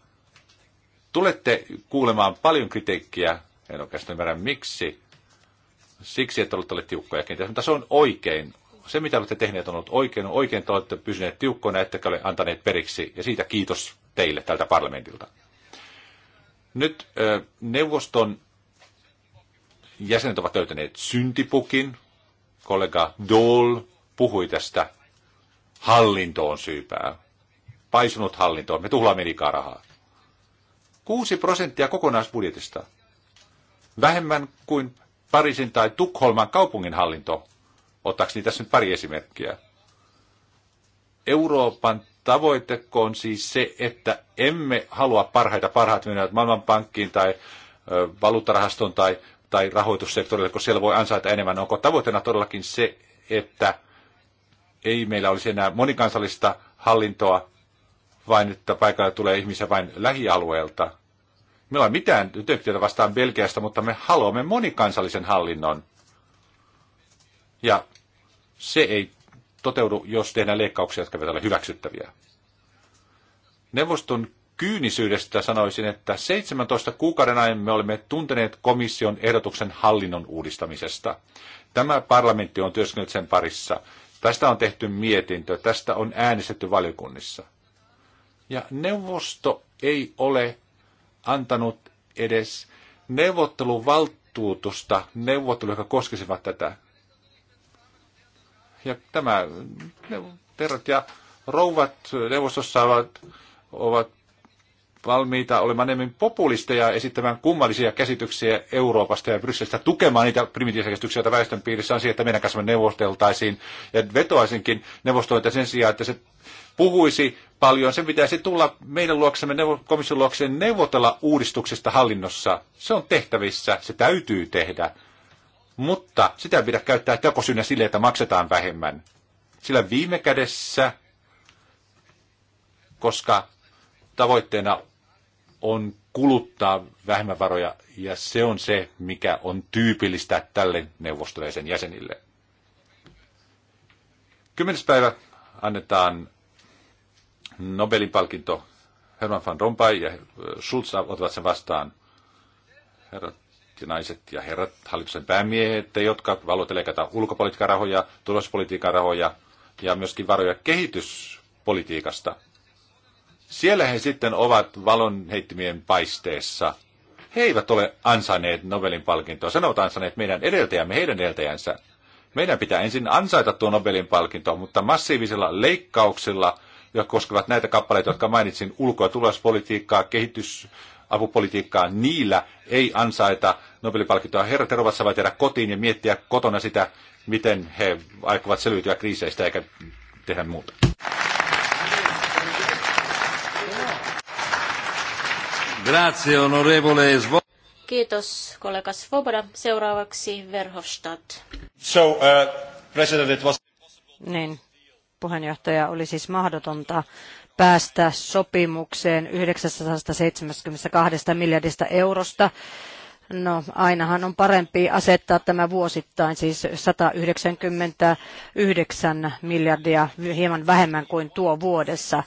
Speaker 1: Tulette kuulemaan paljon kritiikkiä, en oikeastaan ymmärrä miksi, siksi, että olette olleet tiukkoja kenties, mutta se on oikein. Se, mitä olette tehneet, on ollut oikein. On oikein, että olette pysyneet tiukkoina, ettekä ole antaneet periksi. Ja siitä kiitos teille tältä parlamentilta. Nyt neuvoston jäsenet ovat löytäneet syntipukin. Kollega Dole puhui tästä hallintoon syypää. Paisunut hallintoon. Me tuhlaamme liikaa rahaa. 6 prosenttia kokonaisbudjetista. Vähemmän kuin Pariisin tai Tukholman kaupunginhallinto. niitä tässä nyt pari esimerkkiä. Euroopan tavoitteko on siis se, että emme halua parhaita parhaat menevät maailmanpankkiin tai valuuttarahaston tai, tai rahoitussektorille, kun siellä voi ansaita enemmän. Onko tavoitteena todellakin se, että ei meillä olisi enää monikansallista hallintoa, vain että paikalle tulee ihmisiä vain lähialueelta – Meillä ollaan mitään yhteyttä vastaan Belgiasta, mutta me haluamme monikansallisen hallinnon. Ja se ei toteudu, jos tehdään leikkauksia, jotka eivät ole hyväksyttäviä. Neuvoston kyynisyydestä sanoisin, että 17 kuukauden ajan me olemme tunteneet komission ehdotuksen hallinnon uudistamisesta. Tämä parlamentti on työskennellyt sen parissa. Tästä on tehty mietintö, tästä on äänestetty valiokunnissa. Ja neuvosto ei ole antanut edes neuvotteluvaltuutusta neuvottelu, joka koskisivat tätä. Ja tämä terrat ja rouvat neuvostossa ovat, ovat valmiita olemaan enemmän populisteja esittämään kummallisia käsityksiä Euroopasta ja Brysselistä tukemaan niitä primitiivisiä käsityksiä, joita väestön piirissä on siihen, että meidän kanssa me neuvosteltaisiin. Ja vetoaisinkin neuvostoita sen sijaan, että se puhuisi paljon, sen pitäisi tulla meidän luoksemme, komission luokseen neuvotella uudistuksista hallinnossa. Se on tehtävissä, se täytyy tehdä. Mutta sitä ei pidä käyttää tekosyynä sille, että maksetaan vähemmän. Sillä viime kädessä, koska tavoitteena on kuluttaa vähemmän varoja, ja se on se, mikä on tyypillistä tälle neuvostolle ja sen jäsenille. Kymmenes päivä annetaan Nobelin palkinto Herman van Rompuy ja äh, Schulz ottavat sen vastaan. Herrat ja naiset ja herrat, hallituksen päämiehet, jotka haluatte ulkopolitiikan rahoja, tulospolitiikan rahoja ja myöskin varoja kehityspolitiikasta. Siellä he sitten ovat valonheittimien paisteessa. He eivät ole ansainneet Nobelin palkintoa. Sen ovat ansainneet meidän edeltäjämme, heidän edeltäjänsä. Meidän pitää ensin ansaita tuo Nobelin palkinto, mutta massiivisilla leikkauksilla – jotka koskevat näitä kappaleita, jotka mainitsin, ulko- ja tulospolitiikkaa, kehitysapupolitiikkaa, niillä ei ansaita Nobelin palkintoa. Herrat erovat saavat jäädä kotiin ja miettiä kotona sitä, miten he aikovat selviytyä kriiseistä eikä tehdä muuta. Grazie, onorevole
Speaker 2: Kiitos, kollega Svoboda. Seuraavaksi Verhofstadt.
Speaker 1: So, uh, president, it was...
Speaker 3: Niin, puheenjohtaja, oli siis mahdotonta päästä sopimukseen 972 miljardista eurosta. No, ainahan on parempi asettaa tämä vuosittain, siis 199 miljardia, hieman vähemmän kuin tuo vuodessa.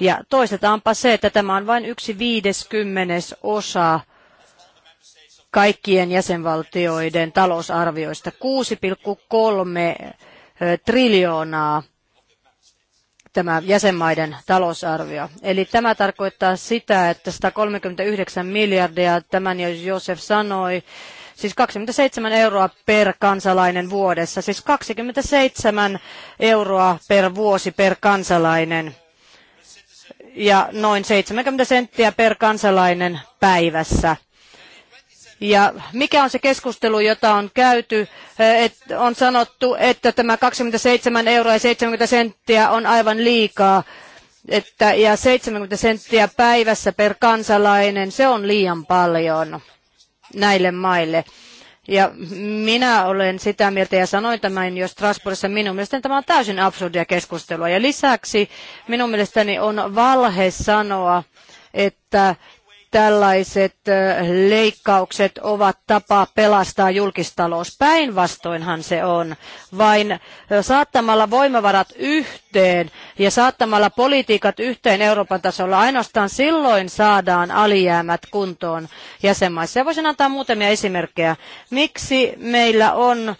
Speaker 3: Ja toistetaanpa se, että tämä on vain yksi viideskymmenes osa kaikkien jäsenvaltioiden talousarvioista, 6,3 eh, triljoonaa tämä jäsenmaiden talousarvio. Eli tämä tarkoittaa sitä, että 139 miljardia, tämän jo Josef sanoi, siis 27 euroa per kansalainen vuodessa, siis 27 euroa per vuosi per kansalainen ja noin 70 senttiä per kansalainen päivässä. Ja mikä on se keskustelu, jota on käyty? Et on sanottu, että tämä 27 euroa ja 70 senttiä on aivan liikaa. Että, ja 70 senttiä päivässä per kansalainen, se on liian paljon näille maille. Ja minä olen sitä mieltä ja sanoin tämän jo Strasbourgissa, minun mielestäni tämä on täysin absurdia keskustelua. Ja lisäksi minun mielestäni on valhe sanoa, että tällaiset leikkaukset ovat tapa pelastaa julkistalous. Päinvastoinhan se on. Vain saattamalla voimavarat yhteen ja saattamalla politiikat yhteen Euroopan tasolla, ainoastaan silloin saadaan alijäämät kuntoon jäsenmaissa. Ja voisin antaa muutamia esimerkkejä. Miksi meillä on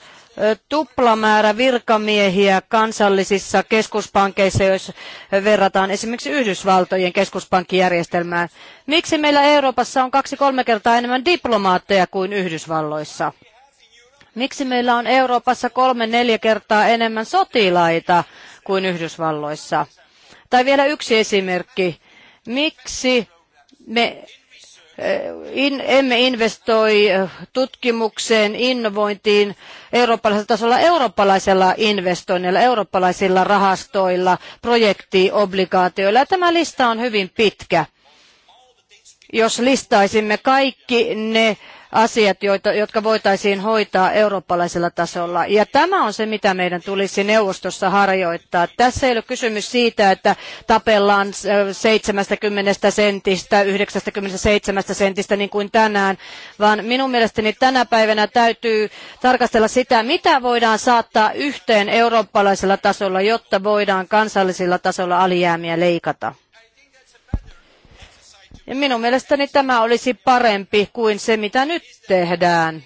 Speaker 3: tuplamäärä virkamiehiä kansallisissa keskuspankeissa, jos verrataan esimerkiksi Yhdysvaltojen keskuspankkijärjestelmään. Miksi meillä Euroopassa on kaksi-kolme kertaa enemmän diplomaatteja kuin Yhdysvalloissa? Miksi meillä on Euroopassa kolme-neljä kertaa enemmän sotilaita kuin Yhdysvalloissa? Tai vielä yksi esimerkki. Miksi me Eh, in, emme investoi eh, tutkimukseen, innovointiin eurooppalaisella tasolla, eurooppalaisella investoinnilla, eurooppalaisilla rahastoilla, projektiobligaatioilla. Ja tämä lista on hyvin pitkä. Jos listaisimme kaikki ne asiat, joita, jotka voitaisiin hoitaa eurooppalaisella tasolla. Ja tämä on se, mitä meidän tulisi neuvostossa harjoittaa. Tässä ei ole kysymys siitä, että tapellaan 70 sentistä, 97 sentistä niin kuin tänään, vaan minun mielestäni tänä päivänä täytyy tarkastella sitä, mitä voidaan saattaa yhteen eurooppalaisella tasolla, jotta voidaan kansallisella tasolla alijäämiä leikata. Minun mielestäni tämä olisi parempi kuin se, mitä nyt tehdään.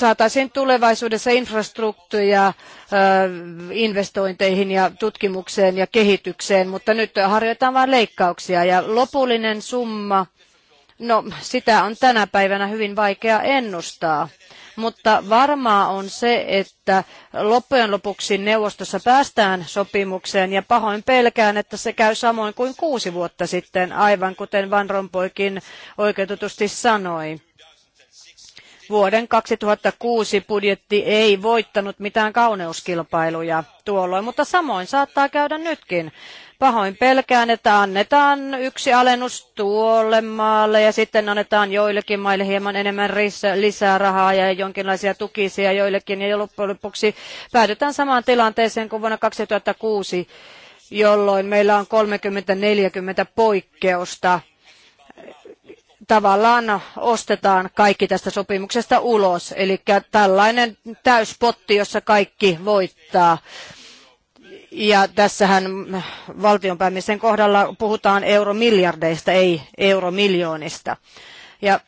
Speaker 3: Saataisiin tulevaisuudessa infrastruktuuria investointeihin ja tutkimukseen ja kehitykseen, mutta nyt harjoitetaan vain leikkauksia ja lopullinen summa, no sitä on tänä päivänä hyvin vaikea ennustaa mutta varmaa on se, että loppujen lopuksi neuvostossa päästään sopimukseen ja pahoin pelkään, että se käy samoin kuin kuusi vuotta sitten, aivan kuten Van Rompuykin oikeutetusti sanoi vuoden 2006 budjetti ei voittanut mitään kauneuskilpailuja tuolloin, mutta samoin saattaa käydä nytkin. Pahoin pelkään, että annetaan yksi alennus tuolle maalle ja sitten annetaan joillekin maille hieman enemmän lisää rahaa ja jonkinlaisia tukisia joillekin. Ja loppujen lopuksi päädytään samaan tilanteeseen kuin vuonna 2006, jolloin meillä on 30-40 poikkeusta tavallaan ostetaan kaikki tästä sopimuksesta ulos. Eli tällainen täyspotti, jossa kaikki voittaa. Ja tässähän valtionpäämiesten kohdalla puhutaan euromiljardeista, ei euromiljoonista. Ja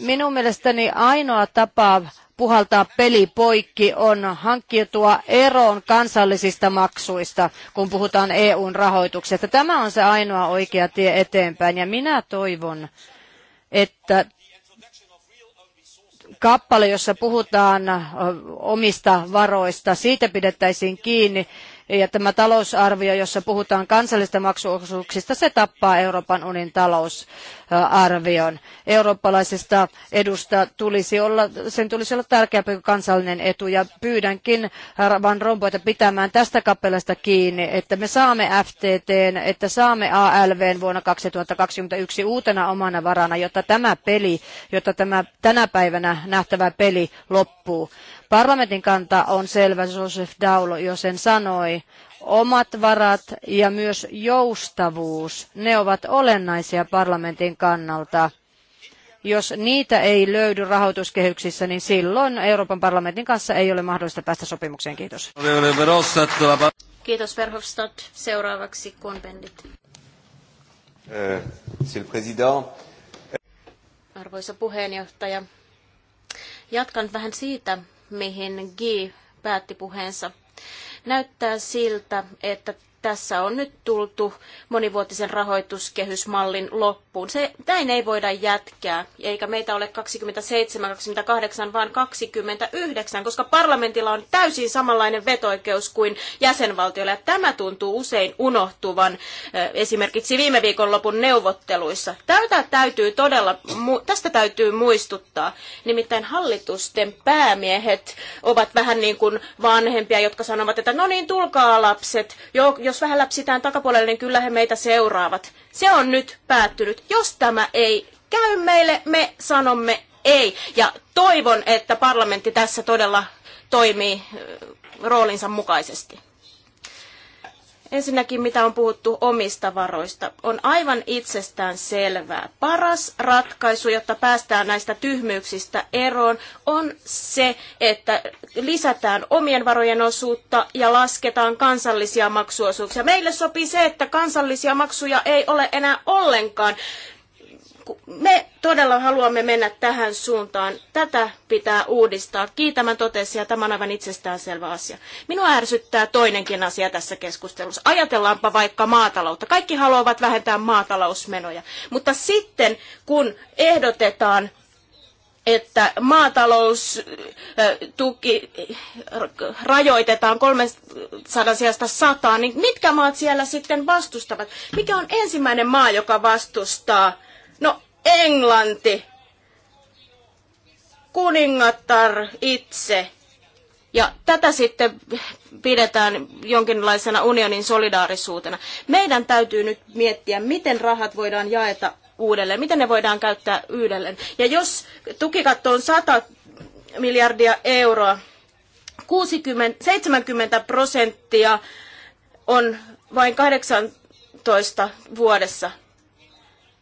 Speaker 3: minun mielestäni ainoa tapa puhaltaa peli poikki on hankkiutua eroon kansallisista maksuista, kun puhutaan EUn rahoituksesta. Tämä on se ainoa oikea tie eteenpäin ja minä toivon, että kappale, jossa puhutaan omista varoista, siitä pidettäisiin kiinni ja tämä talousarvio, jossa puhutaan kansallisista maksuosuuksista, se tappaa Euroopan unionin talousarvion. Eurooppalaisista edusta tulisi olla, sen tulisi olla tärkeämpi kuin kansallinen etu. Ja pyydänkin Van Rompuyta pitämään tästä kappelasta kiinni, että me saamme FTTn, että saamme ALVn vuonna 2021 uutena omana varana, jotta tämä peli, jotta tämä tänä päivänä nähtävä peli loppuu. Parlamentin kanta on selvä, Joseph Daulo jo sen sanoi. Omat varat ja myös joustavuus, ne ovat olennaisia parlamentin kannalta. Jos niitä ei löydy rahoituskehyksissä, niin silloin Euroopan parlamentin kanssa ei ole mahdollista päästä sopimukseen. Kiitos.
Speaker 2: Kiitos Verhofstadt. Seuraavaksi konbendit. Euh, Arvoisa puheenjohtaja, jatkan vähän siitä, mihin G päätti puheensa. Näyttää siltä, että tässä on nyt tultu monivuotisen rahoituskehysmallin loppuun. Se, näin ei voida jatkaa, eikä meitä ole 27, 28, vaan 29, koska parlamentilla on täysin samanlainen vetoikeus kuin jäsenvaltioilla. Ja tämä tuntuu usein unohtuvan eh, esimerkiksi viime viikonlopun neuvotteluissa. Tätä täytyy todella, tästä täytyy muistuttaa. Nimittäin hallitusten päämiehet ovat vähän niin kuin vanhempia, jotka sanovat, että no niin, tulkaa lapset, jo, jos vähän läpsitään takapuolelle, niin kyllä he meitä seuraavat. Se on nyt päättynyt. Jos tämä ei käy meille, me sanomme ei. Ja toivon, että parlamentti tässä todella toimii roolinsa mukaisesti. Ensinnäkin, mitä on puhuttu omista varoista. On aivan itsestään selvää. Paras ratkaisu, jotta päästään näistä tyhmyyksistä eroon, on se, että lisätään omien varojen osuutta ja lasketaan kansallisia maksuosuuksia. Meille sopii se, että kansallisia maksuja ei ole enää ollenkaan me todella haluamme mennä tähän suuntaan. Tätä pitää uudistaa. Kiitämän totesi ja tämä on aivan itsestäänselvä asia. Minua ärsyttää toinenkin asia tässä keskustelussa. Ajatellaanpa vaikka maataloutta. Kaikki haluavat vähentää maatalousmenoja. Mutta sitten kun ehdotetaan että maataloustuki rajoitetaan 300 sijasta 100, niin mitkä maat siellä sitten vastustavat? Mikä on ensimmäinen maa, joka vastustaa Englanti, kuningattar itse. Ja tätä sitten pidetään jonkinlaisena unionin solidaarisuutena. Meidän täytyy nyt miettiä, miten rahat voidaan jaeta uudelleen, miten ne voidaan käyttää uudelleen. Ja jos tukikatto on 100 miljardia euroa, 60, 70 prosenttia on vain 18 vuodessa.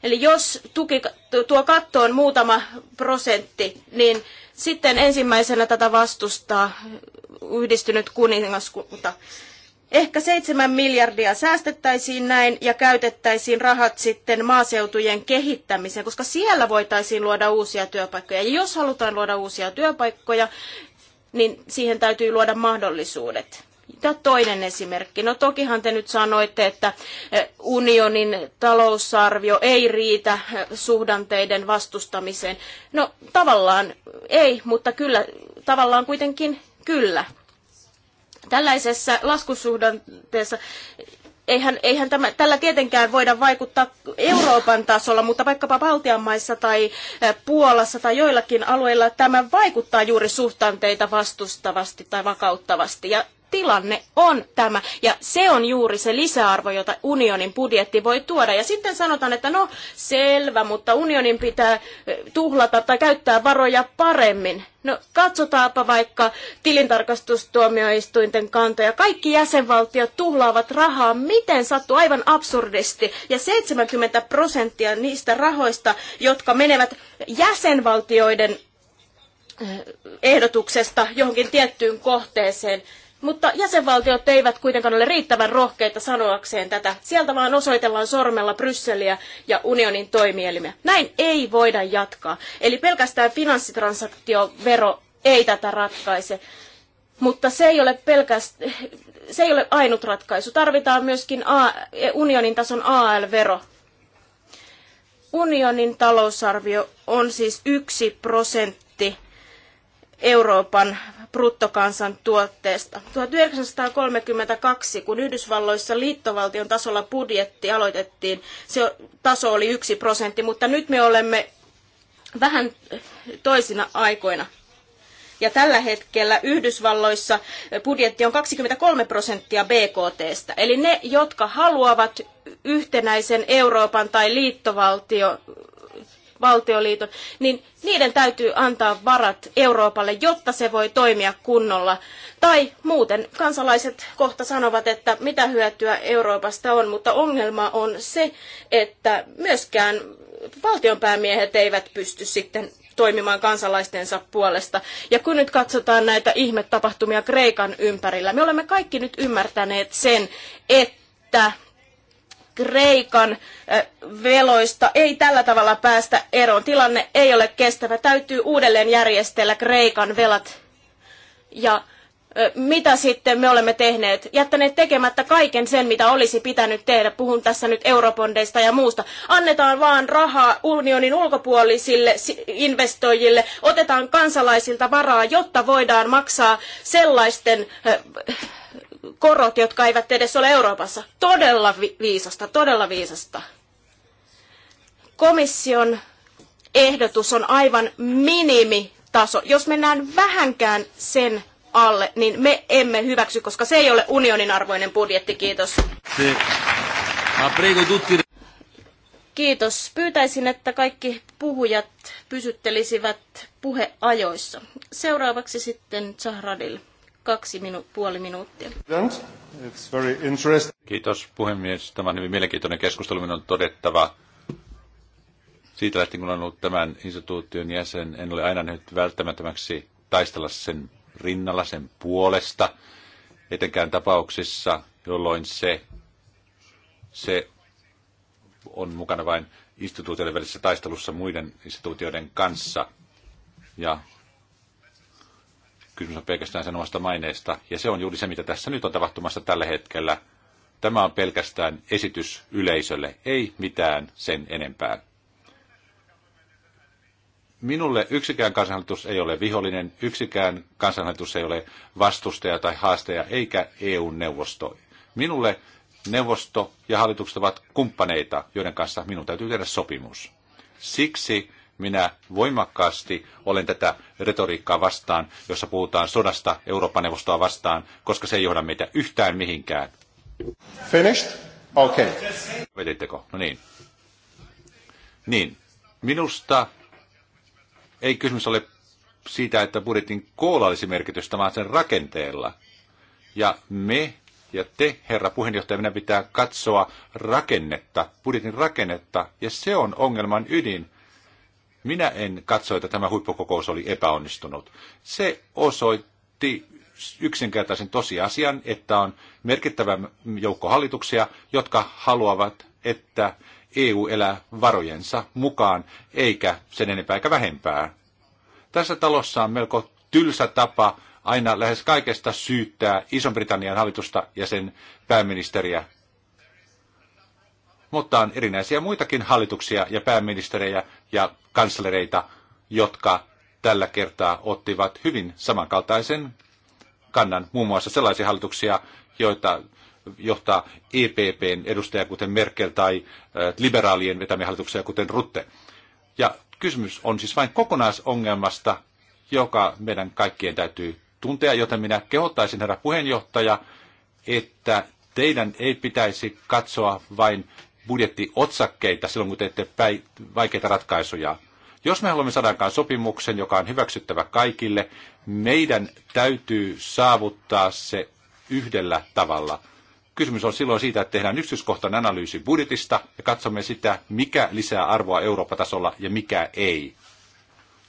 Speaker 2: Eli jos tuki, tuo katto on muutama prosentti, niin sitten ensimmäisenä tätä vastustaa yhdistynyt kuningaskunta. Ehkä seitsemän miljardia säästettäisiin näin ja käytettäisiin rahat sitten maaseutujen kehittämiseen, koska siellä voitaisiin luoda uusia työpaikkoja. Ja jos halutaan luoda uusia työpaikkoja, niin siihen täytyy luoda mahdollisuudet. Tämä toinen esimerkki. No tokihan te nyt sanoitte, että eh, unionin talousarvio ei riitä eh, suhdanteiden vastustamiseen. No tavallaan ei, mutta kyllä tavallaan kuitenkin kyllä. Tällaisessa laskusuhdanteessa eihän, eihän tämä, tällä tietenkään voida vaikuttaa Euroopan tasolla, mutta vaikkapa Baltian maissa tai eh, Puolassa tai joillakin alueilla tämä vaikuttaa juuri suhtanteita vastustavasti tai vakauttavasti. Ja tilanne on tämä. Ja se on juuri se lisäarvo, jota unionin budjetti voi tuoda. Ja sitten sanotaan, että no selvä, mutta unionin pitää eh, tuhlata tai käyttää varoja paremmin. No katsotaanpa vaikka tilintarkastustuomioistuinten kantoja. Kaikki jäsenvaltiot tuhlaavat rahaa, miten sattuu aivan absurdisti. Ja 70 prosenttia niistä rahoista, jotka menevät jäsenvaltioiden eh, ehdotuksesta johonkin tiettyyn kohteeseen, mutta jäsenvaltiot eivät kuitenkaan ole riittävän rohkeita sanoakseen tätä. Sieltä vaan osoitellaan sormella Brysseliä ja unionin toimielimiä. Näin ei voida jatkaa. Eli pelkästään finanssitransaktiovero ei tätä ratkaise. Mutta se ei ole pelkäst... se ei ole ainut ratkaisu. Tarvitaan myöskin A, unionin tason AL-vero. Unionin talousarvio on siis yksi prosentti Euroopan bruttokansantuotteesta. 1932, kun Yhdysvalloissa liittovaltion tasolla budjetti aloitettiin, se taso oli yksi prosentti, mutta nyt me olemme vähän toisina aikoina. Ja tällä hetkellä Yhdysvalloissa budjetti on 23 prosenttia BKTstä. Eli ne, jotka haluavat yhtenäisen Euroopan tai liittovaltio valtioliiton, niin niiden täytyy antaa varat Euroopalle, jotta se voi toimia kunnolla. Tai muuten kansalaiset kohta sanovat, että mitä hyötyä Euroopasta on, mutta ongelma on se, että myöskään valtionpäämiehet eivät pysty sitten toimimaan kansalaistensa puolesta. Ja kun nyt katsotaan näitä ihmetapahtumia Kreikan ympärillä, me olemme kaikki nyt ymmärtäneet sen, että Kreikan veloista ei tällä tavalla päästä eroon. Tilanne ei ole kestävä. Täytyy uudelleen järjestellä Kreikan velat. Ja mitä sitten me olemme tehneet? Jättäneet tekemättä kaiken sen, mitä olisi pitänyt tehdä. Puhun tässä nyt eurobondeista ja muusta. Annetaan vaan rahaa unionin ulkopuolisille investoijille. Otetaan kansalaisilta varaa, jotta voidaan maksaa sellaisten korot, jotka eivät edes ole Euroopassa. Todella viisasta, todella viisasta. Komission ehdotus on aivan minimitaso. Jos mennään vähänkään sen alle, niin me emme hyväksy, koska se ei ole unionin arvoinen budjetti. Kiitos. Kiitos. Pyytäisin, että kaikki puhujat pysyttelisivät puheajoissa. Seuraavaksi sitten Zahradil kaksi minu- puoli minuuttia.
Speaker 1: Kiitos puhemies. Tämä on hyvin mielenkiintoinen keskustelu. Minun on todettava siitä lähtien, kun olen ollut tämän instituution jäsen, en ole aina nähnyt välttämättömäksi taistella sen rinnalla, sen puolesta, etenkään tapauksissa, jolloin se, se on mukana vain instituutioiden välisessä taistelussa muiden instituutioiden kanssa. Ja Kysymys on pelkästään sen omasta maineesta, ja se on juuri se, mitä tässä nyt on tapahtumassa tällä hetkellä. Tämä on pelkästään esitys yleisölle, ei mitään sen enempää. Minulle yksikään kansanhallitus ei ole vihollinen, yksikään kansanhallitus ei ole vastustaja tai haastaja, eikä EU-neuvosto. Minulle neuvosto ja hallitukset ovat kumppaneita, joiden kanssa minun täytyy tehdä sopimus. Siksi minä voimakkaasti olen tätä retoriikkaa vastaan, jossa puhutaan sodasta Euroopan neuvostoa vastaan, koska se ei johda meitä yhtään mihinkään. Finished? Okei. Okay. Vetitteko? No niin. Niin. Minusta ei kysymys ole siitä, että budjetin koolla olisi merkitystä, vaan sen rakenteella. Ja me ja te, herra puheenjohtaja, minä pitää katsoa rakennetta, budjetin rakennetta, ja se on ongelman ydin. Minä en katso, että tämä huippukokous oli epäonnistunut. Se osoitti yksinkertaisen tosiasian, että on merkittävä joukko hallituksia, jotka haluavat, että EU elää varojensa mukaan, eikä sen enempää eikä vähempää. Tässä talossa on melko tylsä tapa aina lähes kaikesta syyttää Ison-Britannian hallitusta ja sen pääministeriä mutta on erinäisiä muitakin hallituksia ja pääministerejä ja kanslereita, jotka tällä kertaa ottivat hyvin samankaltaisen kannan, muun muassa sellaisia hallituksia, joita johtaa EPPn edustaja, kuten Merkel, tai liberaalien vetämiä hallituksia, kuten Rutte. Ja kysymys on siis vain kokonaisongelmasta, joka meidän kaikkien täytyy tuntea, joten minä kehottaisin herra puheenjohtaja, että teidän ei pitäisi katsoa vain budjettiotsakkeita silloin, kun teette vaikeita ratkaisuja. Jos me haluamme saada sopimuksen, joka on hyväksyttävä kaikille, meidän täytyy saavuttaa se yhdellä tavalla. Kysymys on silloin siitä, että tehdään yksityiskohtainen analyysi budjetista ja katsomme sitä, mikä lisää arvoa Eurooppa-tasolla ja mikä ei.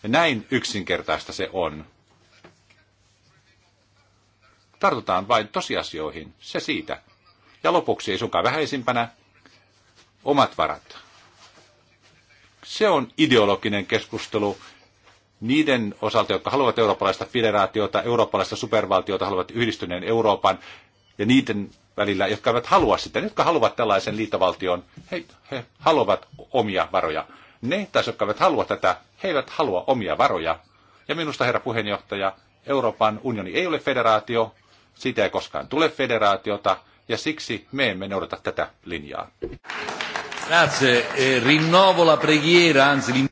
Speaker 1: Ja näin yksinkertaista se on. Tartutaan vain tosiasioihin, se siitä. Ja lopuksi ei sunkaan vähäisimpänä, omat varat. Se on ideologinen keskustelu niiden osalta, jotka haluavat eurooppalaista federaatiota, eurooppalaista supervaltiota, haluavat yhdistyneen Euroopan, ja niiden välillä, jotka eivät halua sitä, jotka haluavat tällaisen liittovaltion, he, he haluavat omia varoja. Ne taas, jotka eivät halua tätä, he eivät halua omia varoja. Ja minusta, herra puheenjohtaja, Euroopan unioni ei ole federaatio, siitä ei koskaan tule federaatiota, ja siksi me emme noudata tätä linjaa. Grazie. E rinnovo la preghiera, anzi...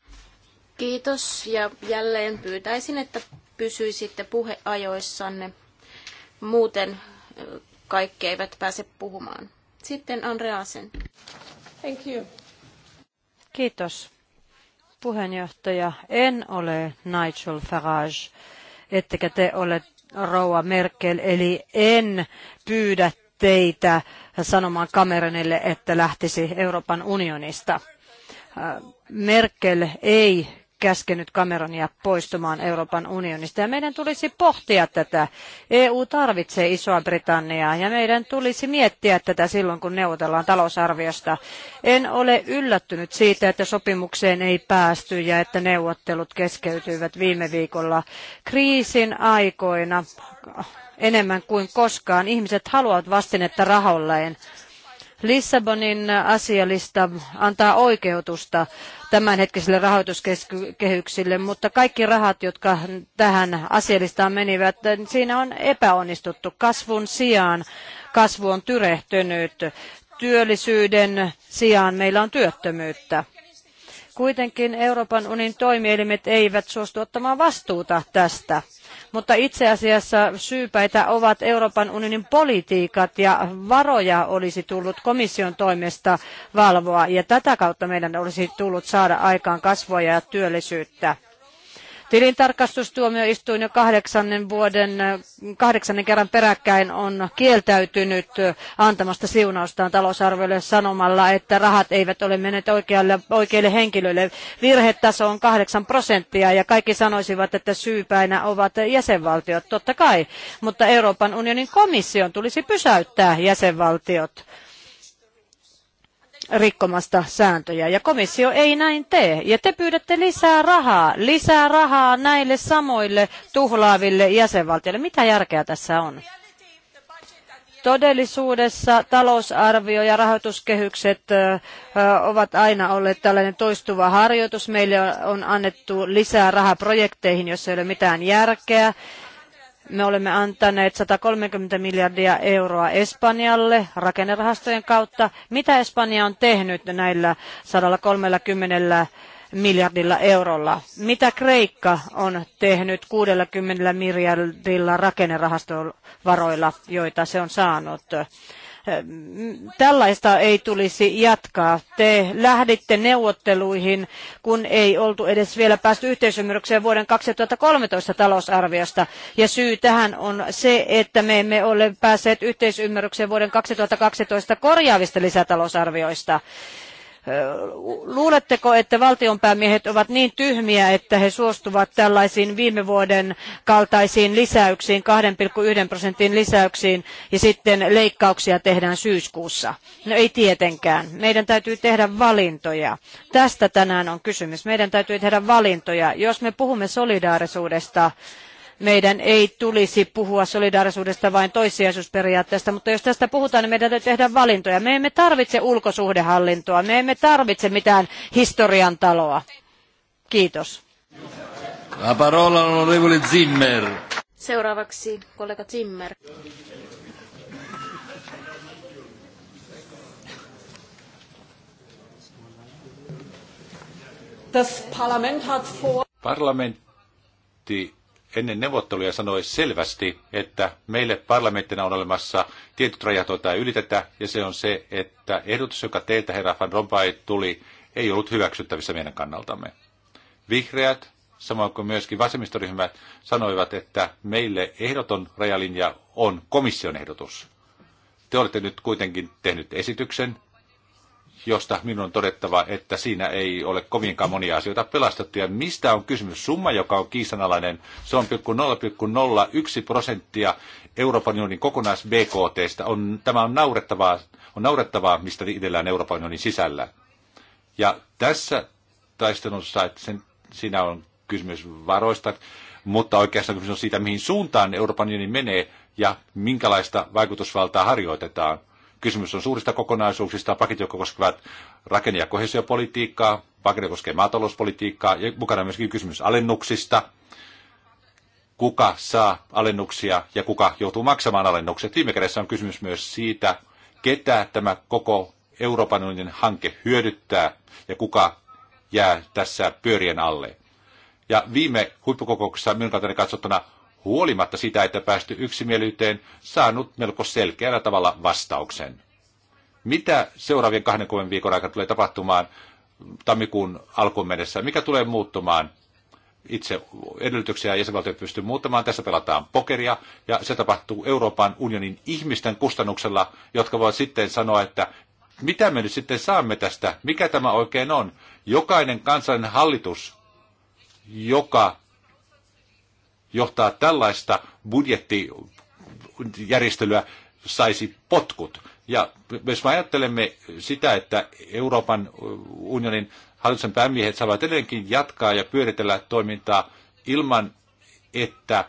Speaker 2: Kiitos ja jälleen pyytäisin, että pysyisitte puheajoissanne. Muuten äh, kaikki eivät pääse puhumaan. Sitten Andreasen. Thank you.
Speaker 3: Kiitos. Puheenjohtaja, en ole Nigel Farage, ettekä te ole rouva Merkel, eli en pyydä teitä sanomaan Cameronille, että lähtisi Euroopan unionista. Äh, Merkel ei käskenyt Cameronia poistumaan Euroopan unionista. Ja meidän tulisi pohtia tätä. EU tarvitsee Isoa Britanniaa ja meidän tulisi miettiä tätä silloin, kun neuvotellaan talousarviosta. En ole yllättynyt siitä, että sopimukseen ei päästy ja että neuvottelut keskeytyivät viime viikolla kriisin aikoina enemmän kuin koskaan. Ihmiset haluavat vastinetta raholleen. Lissabonin asialista antaa oikeutusta tämänhetkisille rahoituskehyksille, mutta kaikki rahat, jotka tähän asialistaan menivät, siinä on epäonnistuttu. Kasvun sijaan kasvu on tyrehtynyt. Työllisyyden sijaan meillä on työttömyyttä. Kuitenkin Euroopan unionin toimielimet eivät suostu ottamaan vastuuta tästä mutta itse asiassa syypäitä ovat Euroopan unionin politiikat ja varoja olisi tullut komission toimesta valvoa ja tätä kautta meidän olisi tullut saada aikaan kasvua ja työllisyyttä. Tilintarkastustuomioistuin jo kahdeksannen vuoden, kahdeksannen kerran peräkkäin on kieltäytynyt antamasta siunaustaan talousarviolle sanomalla, että rahat eivät ole menneet oikealle, oikeille henkilöille. Virhetaso on kahdeksan prosenttia ja kaikki sanoisivat, että syypäinä ovat jäsenvaltiot, totta kai. Mutta Euroopan unionin komission tulisi pysäyttää jäsenvaltiot rikkomasta sääntöjä. Ja komissio ei näin tee. Ja te pyydätte lisää rahaa, lisää rahaa näille samoille tuhlaaville jäsenvaltioille. Mitä järkeä tässä on? Todellisuudessa talousarvio ja rahoituskehykset ovat aina olleet tällainen toistuva harjoitus. Meille on annettu lisää rahaa projekteihin, joissa ei ole mitään järkeä. Me olemme antaneet 130 miljardia euroa Espanjalle rakennerahastojen kautta. Mitä Espanja on tehnyt näillä 130 miljardilla eurolla? Mitä Kreikka on tehnyt 60 miljardilla rakennerahastovaroilla, joita se on saanut? Tällaista ei tulisi jatkaa. Te lähditte neuvotteluihin, kun ei oltu edes vielä päästy yhteisymmärrykseen vuoden 2013 talousarviosta. Ja syy tähän on se, että me emme ole päässeet yhteisymmärrykseen vuoden 2012 korjaavista lisätalousarvioista. Luuletteko, että valtionpäämiehet ovat niin tyhmiä, että he suostuvat tällaisiin viime vuoden kaltaisiin lisäyksiin, 2,1 prosentin lisäyksiin ja sitten leikkauksia tehdään syyskuussa? No ei tietenkään. Meidän täytyy tehdä valintoja. Tästä tänään on kysymys. Meidän täytyy tehdä valintoja. Jos me puhumme solidaarisuudesta, meidän ei tulisi puhua solidaarisuudesta vain toissijaisuusperiaatteesta, mutta jos tästä puhutaan, niin meidän täytyy tehdä valintoja. Me emme tarvitse ulkosuhdehallintoa, me emme tarvitse mitään historian taloa. Kiitos.
Speaker 1: La parola onorevole Zimmer.
Speaker 2: Seuraavaksi kollega Zimmer.
Speaker 1: Parlamentti ennen neuvotteluja sanoi selvästi, että meille parlamenttina on olemassa tietyt rajat, joita ei ylitetä, ja se on se, että ehdotus, joka teiltä, herra Van Rompuy, tuli, ei ollut hyväksyttävissä meidän kannaltamme. Vihreät, samoin kuin myöskin vasemmistoryhmät, sanoivat, että meille ehdoton rajalinja on komission ehdotus. Te olette nyt kuitenkin tehnyt esityksen, josta minun on todettava, että siinä ei ole kovinkaan monia asioita pelastettu. Ja mistä on kysymys? Summa, joka on kiisanalainen, se on 0,01 prosenttia Euroopan unionin kokonais BKTstä. On, tämä on naurettavaa, on naurettavaa, mistä itsellään Euroopan unionin sisällä. Ja tässä taistelussa, että sen, siinä on kysymys varoista, mutta oikeastaan kysymys on siitä, mihin suuntaan Euroopan unioni menee ja minkälaista vaikutusvaltaa harjoitetaan. Kysymys on suurista kokonaisuuksista, paketit, jotka koskevat rakenne- ja kohesiopolitiikkaa, paketti koskee maatalouspolitiikkaa ja mukana myöskin kysymys alennuksista, kuka saa alennuksia ja kuka joutuu maksamaan alennukset. Viime kädessä on kysymys myös siitä, ketä tämä koko Euroopan unionin hanke hyödyttää ja kuka jää tässä pyörien alle. Ja viime huippukokouksessa minun kautta katsottuna huolimatta sitä, että päästy yksimielisyyteen, saanut melko selkeällä tavalla vastauksen. Mitä seuraavien 20 viikon aikana tulee tapahtumaan tammikuun alkuun mennessä? Mikä tulee muuttumaan? Itse edellytyksiä jäsenvaltiot pystyy muuttamaan. Tässä pelataan pokeria ja se tapahtuu Euroopan unionin ihmisten kustannuksella, jotka voivat sitten sanoa, että mitä me nyt sitten saamme tästä? Mikä tämä oikein on? Jokainen kansallinen hallitus, joka johtaa tällaista budjettijärjestelyä saisi potkut. Ja jos me ajattelemme sitä, että Euroopan unionin hallituksen päämiehet saavat edelleenkin jatkaa ja pyöritellä toimintaa ilman, että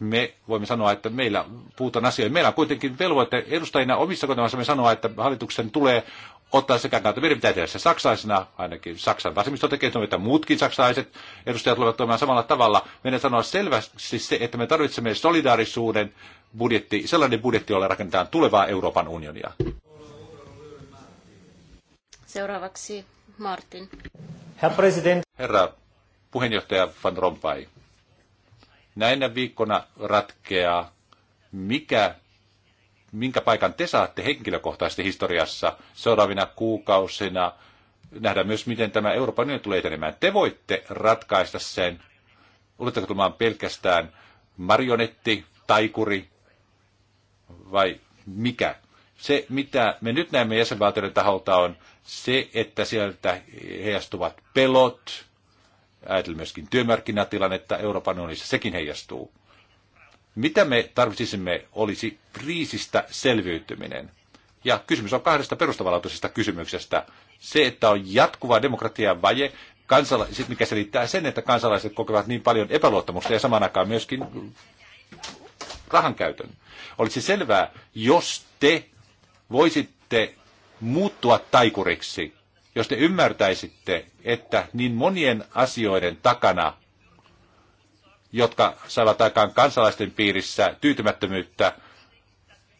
Speaker 1: me voimme sanoa, että meillä puhutaan asioita. Meillä on kuitenkin velvoite edustajina omissa kotimaissamme sanoa, että hallituksen tulee ottaa sekä että Meidän pitää tehdä se saksaisena, ainakin Saksan vasemmisto tekee, että muutkin saksalaiset edustajat tulevat toimimaan samalla tavalla. Meidän sanoa selvästi se, että me tarvitsemme solidaarisuuden budjetti, sellainen budjetti, jolla rakennetaan tulevaa Euroopan unionia.
Speaker 2: Seuraavaksi Martin.
Speaker 1: Herra, president. Herra puheenjohtaja Van Rompuy. Näinä viikkona ratkeaa, mikä minkä paikan te saatte henkilökohtaisesti historiassa seuraavina kuukausina, nähdä myös, miten tämä Euroopan unioni tulee etenemään. Te voitte ratkaista sen. Oletteko tulemaan pelkästään marionetti, taikuri vai mikä? Se, mitä me nyt näemme jäsenvaltioiden taholta, on se, että sieltä heijastuvat pelot, ajatellaan myöskin työmarkkinatilannetta Euroopan unionissa, sekin heijastuu. Mitä me tarvitsisimme olisi kriisistä selviytyminen? Ja kysymys on kahdesta perustavanlaatuisesta kysymyksestä. Se, että on jatkuva demokratian vaje, kansala- mikä selittää sen, että kansalaiset kokevat niin paljon epäluottamusta ja samaan aikaan myöskin rahankäytön. Olisi selvää, jos te voisitte muuttua taikuriksi, jos te ymmärtäisitte, että niin monien asioiden takana jotka saavat aikaan kansalaisten piirissä tyytymättömyyttä,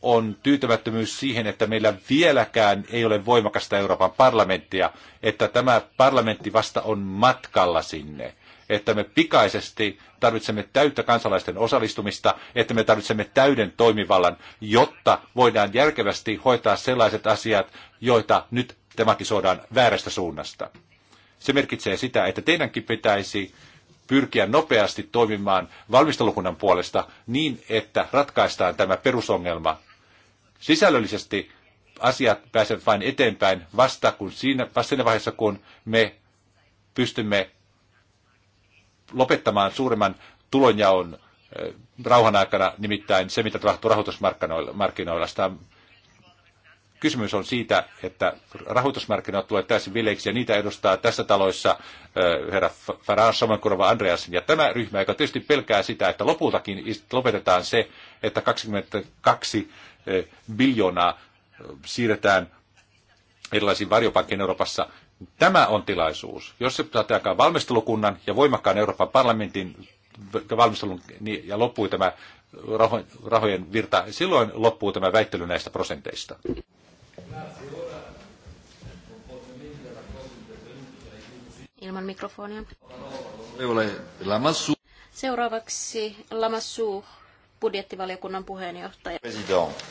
Speaker 1: on tyytymättömyys siihen, että meillä vieläkään ei ole voimakasta Euroopan parlamenttia, että tämä parlamentti vasta on matkalla sinne, että me pikaisesti tarvitsemme täyttä kansalaisten osallistumista, että me tarvitsemme täyden toimivallan, jotta voidaan järkevästi hoitaa sellaiset asiat, joita nyt tematisoidaan väärästä suunnasta. Se merkitsee sitä, että teidänkin pitäisi pyrkiä nopeasti toimimaan valmistelukunnan puolesta niin, että ratkaistaan tämä perusongelma. Sisällöllisesti asiat pääsevät vain eteenpäin vasta, kun siinä, vasta siinä vaiheessa, kun me pystymme lopettamaan suuremman tulonjaon eh, rauhan aikana, nimittäin se, mitä tapahtuu rahoitusmarkkinoilla. Sitä Kysymys on siitä, että rahoitusmarkkinat tulee täysin vileiksi ja niitä edustaa tässä taloissa herra Farage, Samankurva, Andreas ja tämä ryhmä, joka tietysti pelkää sitä, että lopultakin lopetetaan se, että 22 biljoonaa siirretään erilaisiin varjopankkeihin Euroopassa. Tämä on tilaisuus. Jos se saatte valmistelukunnan ja voimakkaan Euroopan parlamentin valmistelun niin, ja loppui tämä rahojen virta, silloin loppuu tämä väittely näistä prosenteista.
Speaker 2: ilman mikrofonia. Seuraavaksi Lamassu, budjettivaliokunnan puheenjohtaja.
Speaker 1: President.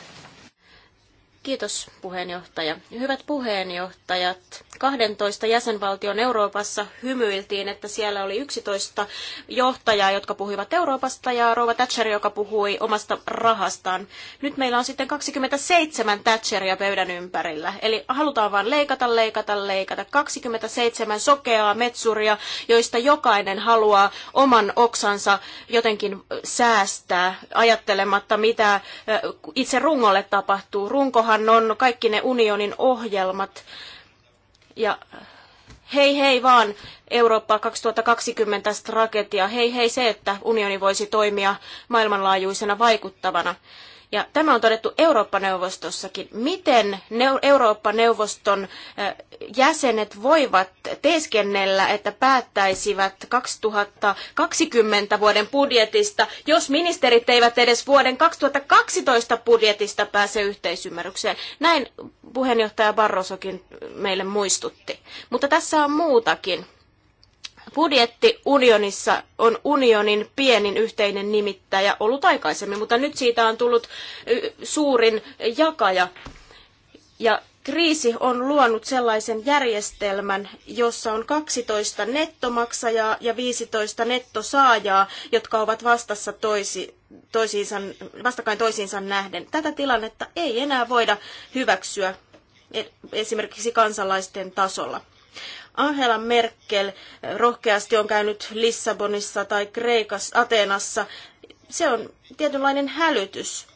Speaker 2: Kiitos puheenjohtaja. Hyvät puheenjohtajat, 12 jäsenvaltion Euroopassa hymyiltiin, että siellä oli 11 johtajaa, jotka puhuivat Euroopasta ja Rova Thatcher, joka puhui omasta rahastaan. Nyt meillä on sitten 27 Thatcheria pöydän ympärillä. Eli halutaan vain leikata, leikata, leikata. 27 sokeaa metsuria, joista jokainen haluaa oman oksansa jotenkin säästää ajattelematta, mitä itse rungolle tapahtuu. Runkohan Tuossahan on kaikki ne unionin ohjelmat. Ja hei hei vaan Eurooppa 2020 strategia, hei hei se, että unioni voisi toimia maailmanlaajuisena vaikuttavana. Ja tämä on todettu Eurooppa-neuvostossakin. Miten Eurooppa-neuvoston jäsenet voivat teeskennellä, että päättäisivät 2020 vuoden budjetista, jos ministerit eivät edes vuoden 2012 budjetista pääse yhteisymmärrykseen? Näin puheenjohtaja Barrosokin meille muistutti. Mutta tässä on muutakin. Budjetti unionissa on unionin pienin yhteinen nimittäjä ollut aikaisemmin, mutta nyt siitä on tullut suurin jakaja. Ja kriisi on luonut sellaisen järjestelmän, jossa on 12 nettomaksajaa ja 15 nettosaajaa, jotka ovat vastassa toisi, toisiinsa, vastakkain toisiinsa nähden. Tätä tilannetta ei enää voida hyväksyä e- esimerkiksi kansalaisten tasolla. Angela Merkel rohkeasti on käynyt Lissabonissa tai Kreikassa, Ateenassa. Se on tietynlainen hälytys.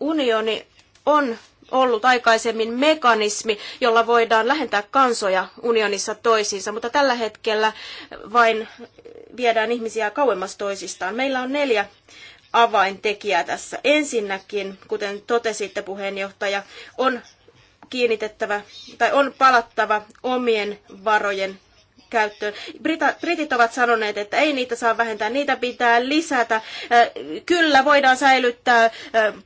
Speaker 2: Unioni on ollut aikaisemmin mekanismi, jolla voidaan lähentää kansoja unionissa toisiinsa, mutta tällä hetkellä vain viedään ihmisiä kauemmas toisistaan. Meillä on neljä avaintekijää tässä. Ensinnäkin, kuten totesitte puheenjohtaja, on kiinnitettävä tai on palattava omien varojen käyttöön. Brita, Britit ovat sanoneet, että ei niitä saa vähentää, niitä pitää lisätä. Kyllä voidaan säilyttää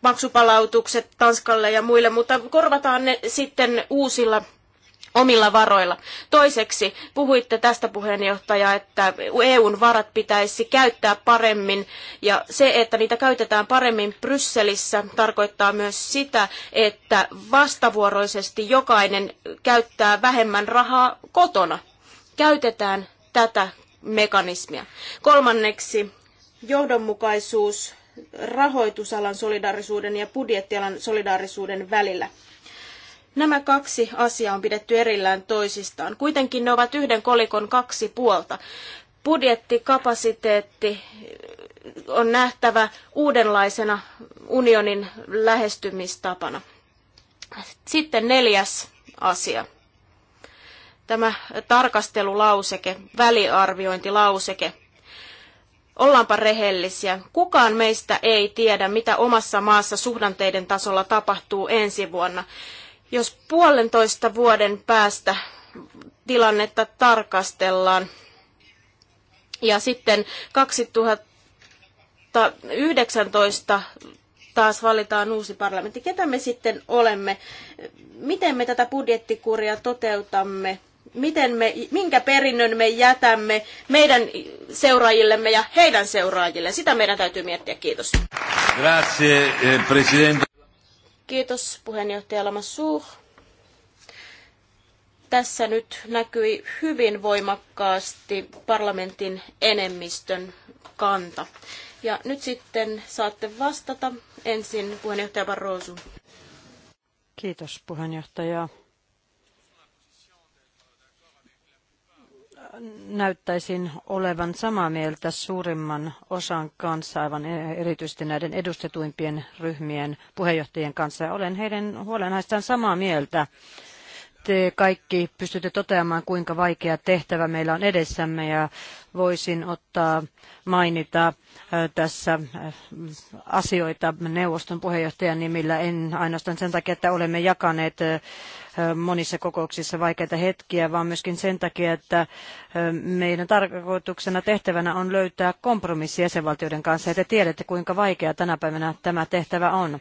Speaker 2: maksupalautukset Tanskalle ja muille, mutta korvataan ne sitten uusilla omilla varoilla. Toiseksi puhuitte tästä puheenjohtaja, että EUn varat pitäisi käyttää paremmin ja se, että niitä käytetään paremmin Brysselissä tarkoittaa myös sitä, että vastavuoroisesti jokainen käyttää vähemmän rahaa kotona. Käytetään tätä mekanismia. Kolmanneksi johdonmukaisuus rahoitusalan solidaarisuuden ja budjettialan solidaarisuuden välillä. Nämä kaksi asiaa on pidetty erillään toisistaan. Kuitenkin ne ovat yhden kolikon kaksi puolta. Budjettikapasiteetti on nähtävä uudenlaisena unionin lähestymistapana. Sitten neljäs asia. Tämä tarkastelulauseke, väliarviointilauseke. Ollaanpa rehellisiä. Kukaan meistä ei tiedä, mitä omassa maassa suhdanteiden tasolla tapahtuu ensi vuonna. Jos puolentoista vuoden päästä tilannetta tarkastellaan ja sitten 2019 taas valitaan uusi parlamentti. Ketä me sitten olemme? Miten me tätä budjettikuria toteutamme? Miten me, minkä perinnön me jätämme meidän seuraajillemme ja heidän seuraajille? Sitä meidän täytyy miettiä. Kiitos.
Speaker 1: Grazie, eh,
Speaker 2: Kiitos puheenjohtaja Lamassuur. Tässä nyt näkyi hyvin voimakkaasti parlamentin enemmistön kanta. Ja nyt sitten saatte vastata ensin puheenjohtaja Barroso.
Speaker 3: Kiitos puheenjohtaja. näyttäisin olevan samaa mieltä suurimman osan kanssa, aivan erityisesti näiden edustetuimpien ryhmien puheenjohtajien kanssa. Olen heidän huolenhaistaan samaa mieltä te kaikki pystytte toteamaan, kuinka vaikea tehtävä meillä on edessämme ja voisin ottaa mainita tässä asioita neuvoston puheenjohtajan nimillä. En ainoastaan sen takia, että olemme jakaneet monissa kokouksissa vaikeita hetkiä, vaan myöskin sen takia, että meidän tarkoituksena tehtävänä on löytää kompromissi jäsenvaltioiden kanssa, ja te tiedätte, kuinka vaikea tänä päivänä tämä tehtävä on.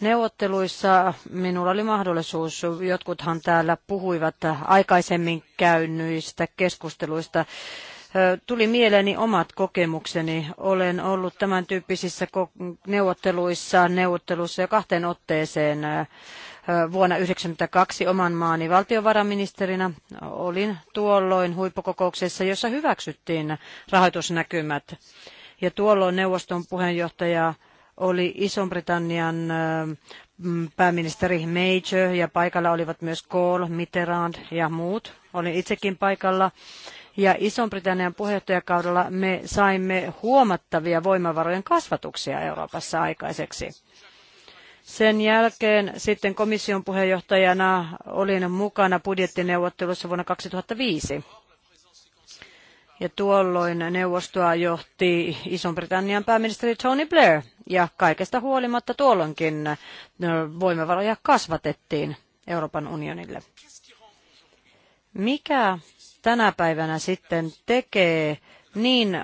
Speaker 3: Neuvotteluissa minulla oli mahdollisuus, jotkuthan täällä puhuivat aikaisemmin käynnyistä keskusteluista, tuli mieleeni omat kokemukseni. Olen ollut tämän tyyppisissä neuvotteluissa, neuvottelussa jo kahteen otteeseen vuonna 1992 oman maani valtiovarainministerinä. Olin tuolloin huippukokouksessa, jossa hyväksyttiin rahoitusnäkymät. Ja tuolloin neuvoston puheenjohtaja oli Iso-Britannian mm, pääministeri Major ja paikalla olivat myös Kohl, Mitterrand ja muut. Olin itsekin paikalla. Ja Iso-Britannian puheenjohtajakaudella me saimme huomattavia voimavarojen kasvatuksia Euroopassa aikaiseksi. Sen jälkeen sitten komission puheenjohtajana olin mukana budjettineuvottelussa vuonna 2005 ja tuolloin neuvostoa johti Ison-Britannian pääministeri Tony Blair. Ja kaikesta huolimatta tuolloinkin voimavaroja kasvatettiin Euroopan unionille. Mikä tänä päivänä sitten tekee niin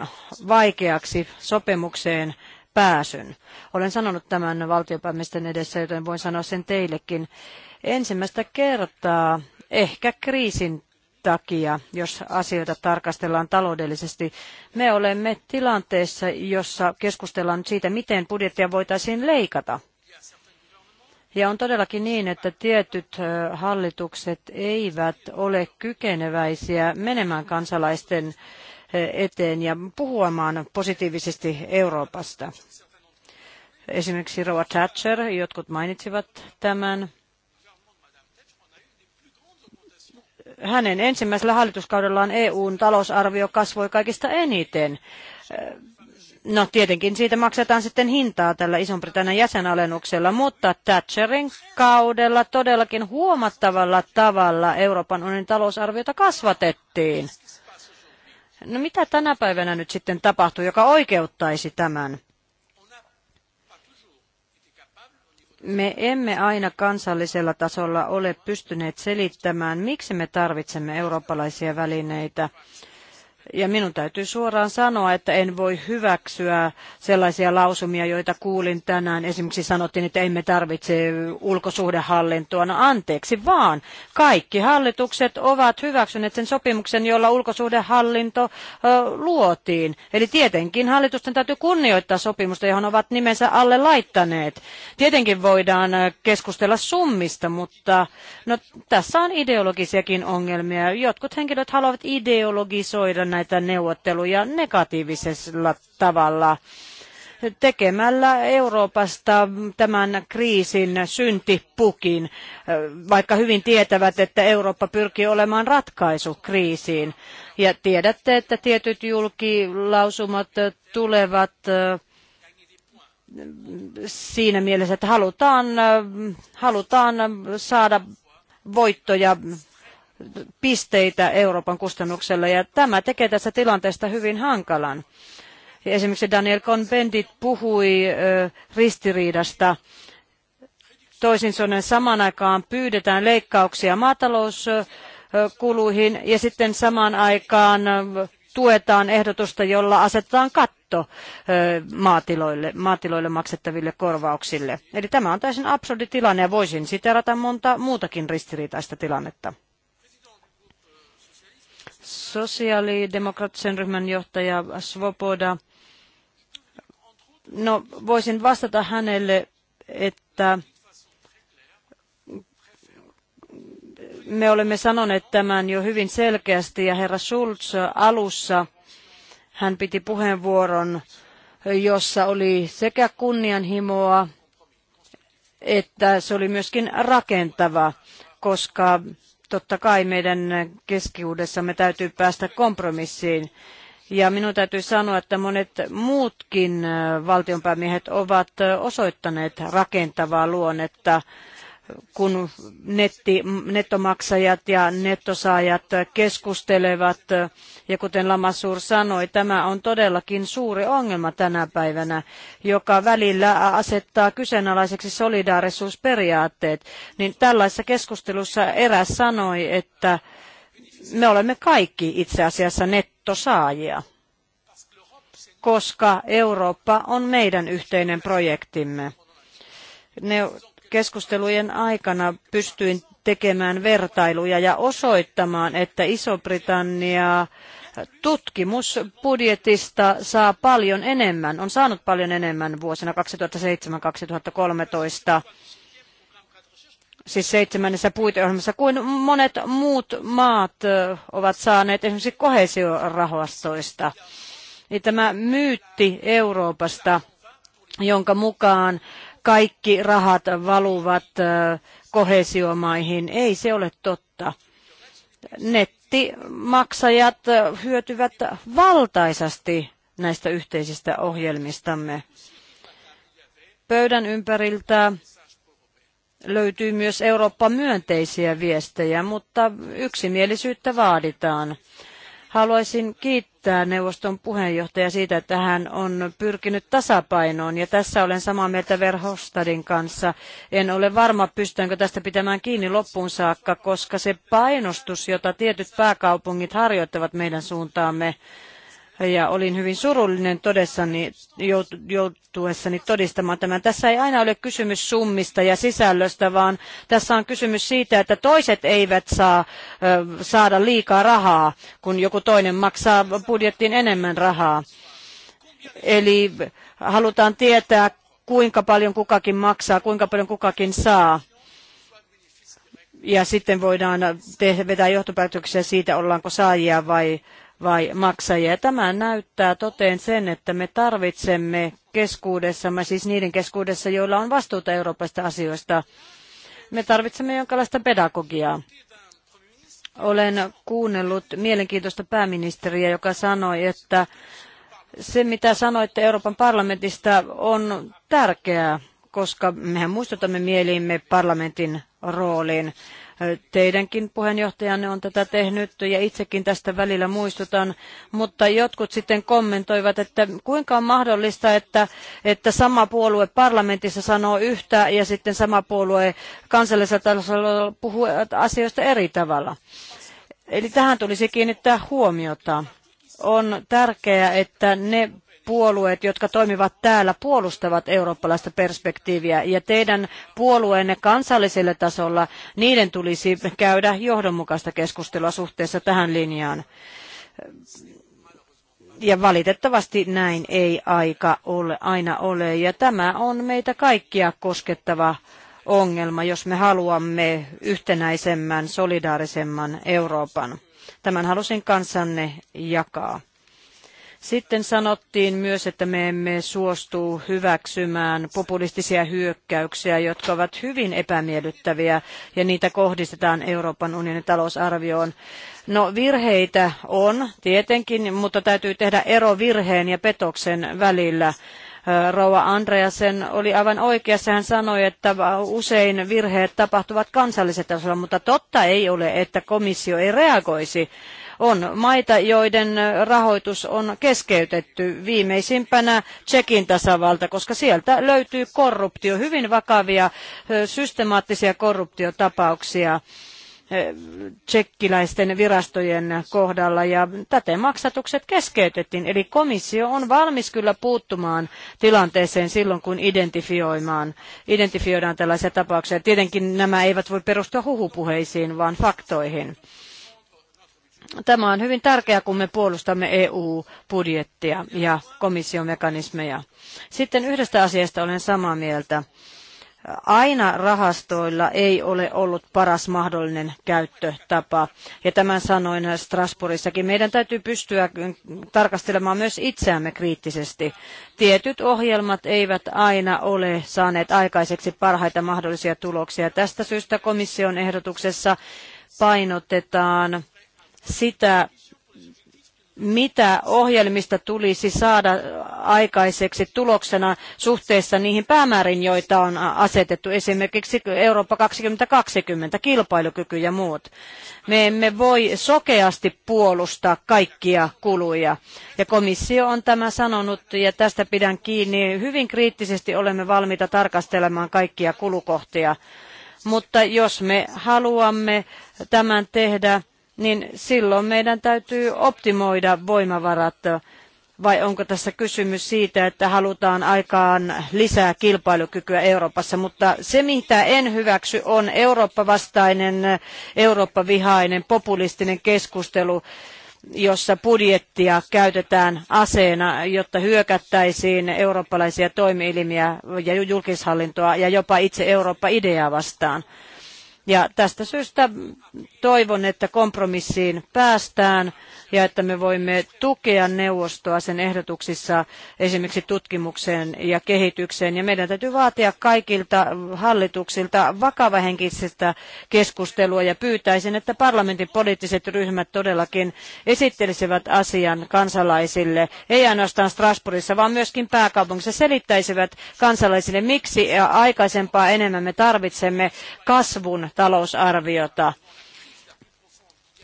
Speaker 3: vaikeaksi sopimukseen pääsyn. Olen sanonut tämän valtiopäämisten edessä, joten voin sanoa sen teillekin. Ensimmäistä kertaa ehkä kriisin takia, jos asioita tarkastellaan taloudellisesti. Me olemme tilanteessa, jossa keskustellaan siitä, miten budjettia voitaisiin leikata. Ja on todellakin niin, että tietyt hallitukset eivät ole kykeneväisiä menemään kansalaisten eteen ja puhumaan positiivisesti Euroopasta. Esimerkiksi Rova Thatcher, jotkut mainitsivat tämän, hänen ensimmäisellä hallituskaudellaan EUn talousarvio kasvoi kaikista eniten. No tietenkin siitä maksetaan sitten hintaa tällä Ison-Britannian jäsenalennuksella, mutta Thatcherin kaudella todellakin huomattavalla tavalla Euroopan unionin talousarviota kasvatettiin. No mitä tänä päivänä nyt sitten tapahtuu, joka oikeuttaisi tämän? me emme aina kansallisella tasolla ole pystyneet selittämään, miksi me tarvitsemme eurooppalaisia välineitä ja minun täytyy suoraan sanoa, että en voi hyväksyä sellaisia lausumia, joita kuulin tänään. Esimerkiksi sanottiin, että emme tarvitse ulkosuhdehallintoa. No anteeksi vaan. Kaikki hallitukset ovat hyväksyneet sen sopimuksen, jolla ulkosuhdehallinto ö, luotiin. Eli tietenkin hallitusten täytyy kunnioittaa sopimusta, johon ovat nimensä alle laittaneet. Tietenkin voidaan keskustella summista, mutta no, tässä on ideologisiakin ongelmia. Jotkut henkilöt haluavat ideologisoida näitä näitä neuvotteluja negatiivisella tavalla tekemällä Euroopasta tämän kriisin syntipukin, vaikka hyvin tietävät, että Eurooppa pyrkii olemaan ratkaisu kriisiin. Ja tiedätte, että tietyt julkilausumat tulevat siinä mielessä, että halutaan, halutaan saada voittoja pisteitä Euroopan kustannuksella ja tämä tekee tästä tilanteesta hyvin hankalan. Esimerkiksi Daniel Cohn-Bendit puhui ristiriidasta toisin sanoen samaan aikaan pyydetään leikkauksia maatalouskuluihin ja sitten samaan aikaan tuetaan ehdotusta, jolla asetetaan katto maatiloille, maatiloille maksettaville korvauksille. Eli tämä on täysin absurdi tilanne ja voisin siterata monta muutakin ristiriitaista tilannetta. Sosiaalidemokraattisen ryhmän johtaja Svoboda. No, voisin vastata hänelle, että me olemme sanoneet tämän jo hyvin selkeästi ja herra Schulz alussa hän piti puheenvuoron, jossa oli sekä kunnianhimoa että se oli myöskin rakentava, koska totta kai meidän keskiudessamme täytyy päästä kompromissiin. Ja minun täytyy sanoa, että monet muutkin valtionpäämiehet ovat osoittaneet rakentavaa luonnetta kun netti, nettomaksajat ja nettosaajat keskustelevat. Ja kuten Lamassur sanoi, tämä on todellakin suuri ongelma tänä päivänä, joka välillä asettaa kyseenalaiseksi solidaarisuusperiaatteet. Niin tällaisessa keskustelussa eräs sanoi, että me olemme kaikki itse asiassa nettosaajia, koska Eurooppa on meidän yhteinen projektimme. Ne keskustelujen aikana pystyin tekemään vertailuja ja osoittamaan, että Iso-Britannia tutkimusbudjetista saa paljon enemmän, on saanut paljon enemmän vuosina 2007-2013 siis seitsemännessä puiteohjelmassa, kuin monet muut maat ovat saaneet esimerkiksi kohesiorahastoista. Eli niin tämä myytti Euroopasta, jonka mukaan kaikki rahat valuvat kohesiomaihin. Ei se ole totta. Nettimaksajat hyötyvät valtaisasti näistä yhteisistä ohjelmistamme. Pöydän ympäriltä löytyy myös Eurooppa myönteisiä viestejä, mutta yksimielisyyttä vaaditaan. Haluaisin kiittää neuvoston puheenjohtaja siitä, että hän on pyrkinyt tasapainoon. Ja tässä olen samaa mieltä Verhostadin kanssa. En ole varma, pystytäänkö tästä pitämään kiinni loppuun saakka, koska se painostus, jota tietyt pääkaupungit harjoittavat meidän suuntaamme, ja olin hyvin surullinen todessani, joutuessani todistamaan tämän. Tässä ei aina ole kysymys summista ja sisällöstä, vaan tässä on kysymys siitä, että toiset eivät saa saada liikaa rahaa, kun joku toinen maksaa budjettiin enemmän rahaa. Eli halutaan tietää, kuinka paljon kukakin maksaa, kuinka paljon kukakin saa ja sitten voidaan tehdä, vetää johtopäätöksiä siitä, ollaanko saajia vai vai maksajia. Tämä näyttää toteen sen, että me tarvitsemme keskuudessamme, siis niiden keskuudessa, joilla on vastuuta Euroopasta asioista, me tarvitsemme jonkinlaista pedagogiaa. Olen kuunnellut mielenkiintoista pääministeriä, joka sanoi, että se, mitä sanoitte Euroopan parlamentista, on tärkeää, koska mehän muistutamme mieliimme parlamentin roolin. Teidänkin puheenjohtajanne on tätä tehnyt ja itsekin tästä välillä muistutan, mutta jotkut sitten kommentoivat, että kuinka on mahdollista, että, että sama puolue parlamentissa sanoo yhtä ja sitten sama puolue kansallisella tasolla puhuu asioista eri tavalla. Eli tähän tulisi kiinnittää huomiota on tärkeää, että ne puolueet, jotka toimivat täällä, puolustavat eurooppalaista perspektiiviä. Ja teidän puolueenne kansallisella tasolla, niiden tulisi käydä johdonmukaista keskustelua suhteessa tähän linjaan. Ja valitettavasti näin ei aika ole, aina ole. Ja tämä on meitä kaikkia koskettava ongelma, jos me haluamme yhtenäisemmän, solidaarisemman Euroopan. Tämän halusin kanssanne jakaa. Sitten sanottiin myös, että me emme suostu hyväksymään populistisia hyökkäyksiä, jotka ovat hyvin epämiellyttäviä ja niitä kohdistetaan Euroopan unionin talousarvioon. No virheitä on tietenkin, mutta täytyy tehdä ero virheen ja petoksen välillä. Rouva Andreasen oli aivan oikeassa. Hän sanoi, että usein virheet tapahtuvat kansallisella tasolla, mutta totta ei ole, että komissio ei reagoisi on maita, joiden rahoitus on keskeytetty viimeisimpänä Tsekin tasavalta, koska sieltä löytyy korruptio, hyvin vakavia systemaattisia korruptiotapauksia tsekkiläisten virastojen kohdalla ja täten maksatukset keskeytettiin. Eli komissio on valmis kyllä puuttumaan tilanteeseen silloin, kun identifioimaan, identifioidaan tällaisia tapauksia. Tietenkin nämä eivät voi perustua huhupuheisiin, vaan faktoihin. Tämä on hyvin tärkeää, kun me puolustamme EU-budjettia ja komission mekanismeja. Sitten yhdestä asiasta olen samaa mieltä. Aina rahastoilla ei ole ollut paras mahdollinen käyttötapa. Ja tämän sanoin Strasbourgissakin. Meidän täytyy pystyä tarkastelemaan myös itseämme kriittisesti. Tietyt ohjelmat eivät aina ole saaneet aikaiseksi parhaita mahdollisia tuloksia. Tästä syystä komission ehdotuksessa painotetaan sitä, mitä ohjelmista tulisi saada aikaiseksi tuloksena suhteessa niihin päämäärin, joita on asetettu, esimerkiksi Eurooppa 2020, kilpailukyky ja muut. Me emme voi sokeasti puolustaa kaikkia kuluja. Ja komissio on tämä sanonut, ja tästä pidän kiinni. Hyvin kriittisesti olemme valmiita tarkastelemaan kaikkia kulukohtia. Mutta jos me haluamme tämän tehdä, niin silloin meidän täytyy optimoida voimavarat. Vai onko tässä kysymys siitä, että halutaan aikaan lisää kilpailukykyä Euroopassa? Mutta se, mitä en hyväksy, on Eurooppa-vastainen, Eurooppa-vihainen, populistinen keskustelu, jossa budjettia käytetään aseena, jotta hyökättäisiin eurooppalaisia toimielimiä ja julkishallintoa ja jopa itse Eurooppa-ideaa vastaan. Ja tästä syystä toivon, että kompromissiin päästään ja että me voimme tukea neuvostoa sen ehdotuksissa esimerkiksi tutkimukseen ja kehitykseen. Ja meidän täytyy vaatia kaikilta hallituksilta vakavahenkistä keskustelua ja pyytäisin, että parlamentin poliittiset ryhmät todellakin esittelisivät asian kansalaisille, ei ainoastaan Strasbourgissa, vaan myöskin pääkaupungissa selittäisivät kansalaisille, miksi aikaisempaa enemmän me tarvitsemme kasvun talousarviota